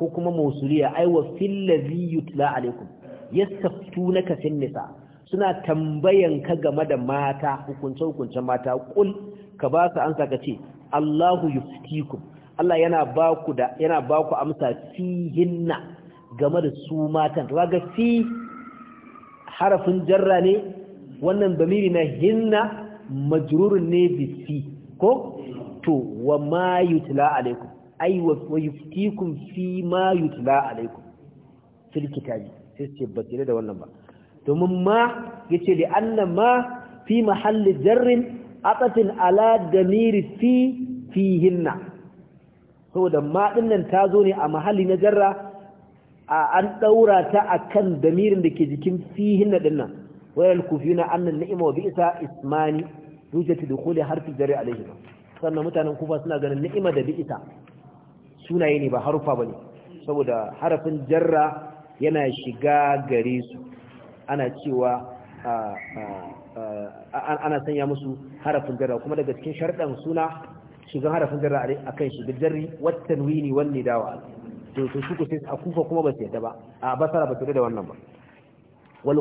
ko kuma mausuliya ai wa fil ladhi yutla alaikum yastaftunaka fil nisa suna tambayan game da mata hukunce hukunce mata kul ka ba su ansa ka ce Allahu yuftikum Allah yana ba ku da yana ba ku amsa fihinna game da su matan to kaga fi harafin jarra ne wannan damiri na hinna majrurun ne bi fi ko to wa ma yutla alaikum ai wa yuftikum fi ma yutla alaikum fil kitabi sai ce ba da wannan ba domin ma yace li anna ma fi mahalli jarrin atatin ala damiri fi fihinna saboda ma nan ta zo ne a mahalli na jarra an daura ta akan damirin da ke jikin fihin na dinnan wayal kufina annan ni'ma wa bi'sa ismani rujati dukhuli harfi jarri ba, sannan mutanen kufa suna ganin ni'ima da biisa sunaye ne ba harufa bane saboda harafin jarra yana shiga gare su ana cewa ana sanya musu harafin jarra kuma daga cikin sharɗan suna shigan harafin jarra a kan shi bijarri wattan wini wanne dawa to to su ku sai a kufa kuma ba su yadda ba a basara ba su da wannan ba wal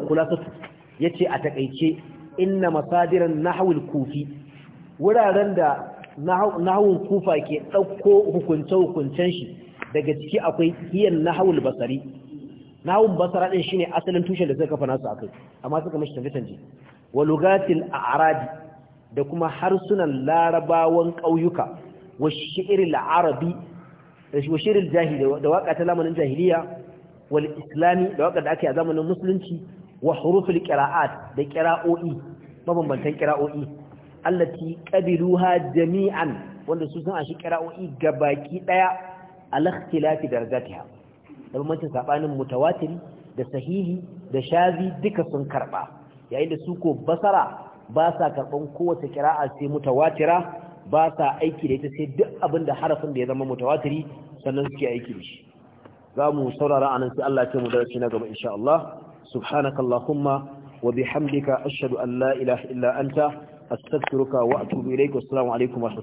ya ce a takaice inna masadiran nahawul kufi wuraren da nahawun kufa ke ɗauko hukunce-hukuncen shi daga ciki akwai hiyan nahawul basari nahawun basara ɗin shine asalin tushen da suka kafa nasu akai amma suka mashi canje-canje wa lugatil a'radi da kuma harsunan larabawan ƙauyuka wa shi'iril arabi wa shi'iril jahili da waka ta lamanin jahiliya wal islami da waka da ake a zamanin musulunci wa hurufil qira'at da qira'o'i mabambantan qira'o'i allati qabiluha jami'an wanda su sun ashi qira'o'i gabaki daya al ikhtilafi darajatiha da bambancin sabanin mutawatiri da sahihi da shazi duka sun karba yayin da su ko basara ba sa karɓan kowace kira'a sai mutawatira ba sa aiki da ita sai duk abin da harafin da ya zama mutawatiri sannan suke aiki da shi za mu saurara anan sai Allah ya mu darasi na gaba insha Allah subhanaka allahumma wa bihamdika ashhadu an la ilaha illa anta astaghfiruka wa atubu ilaik wa assalamu alaikum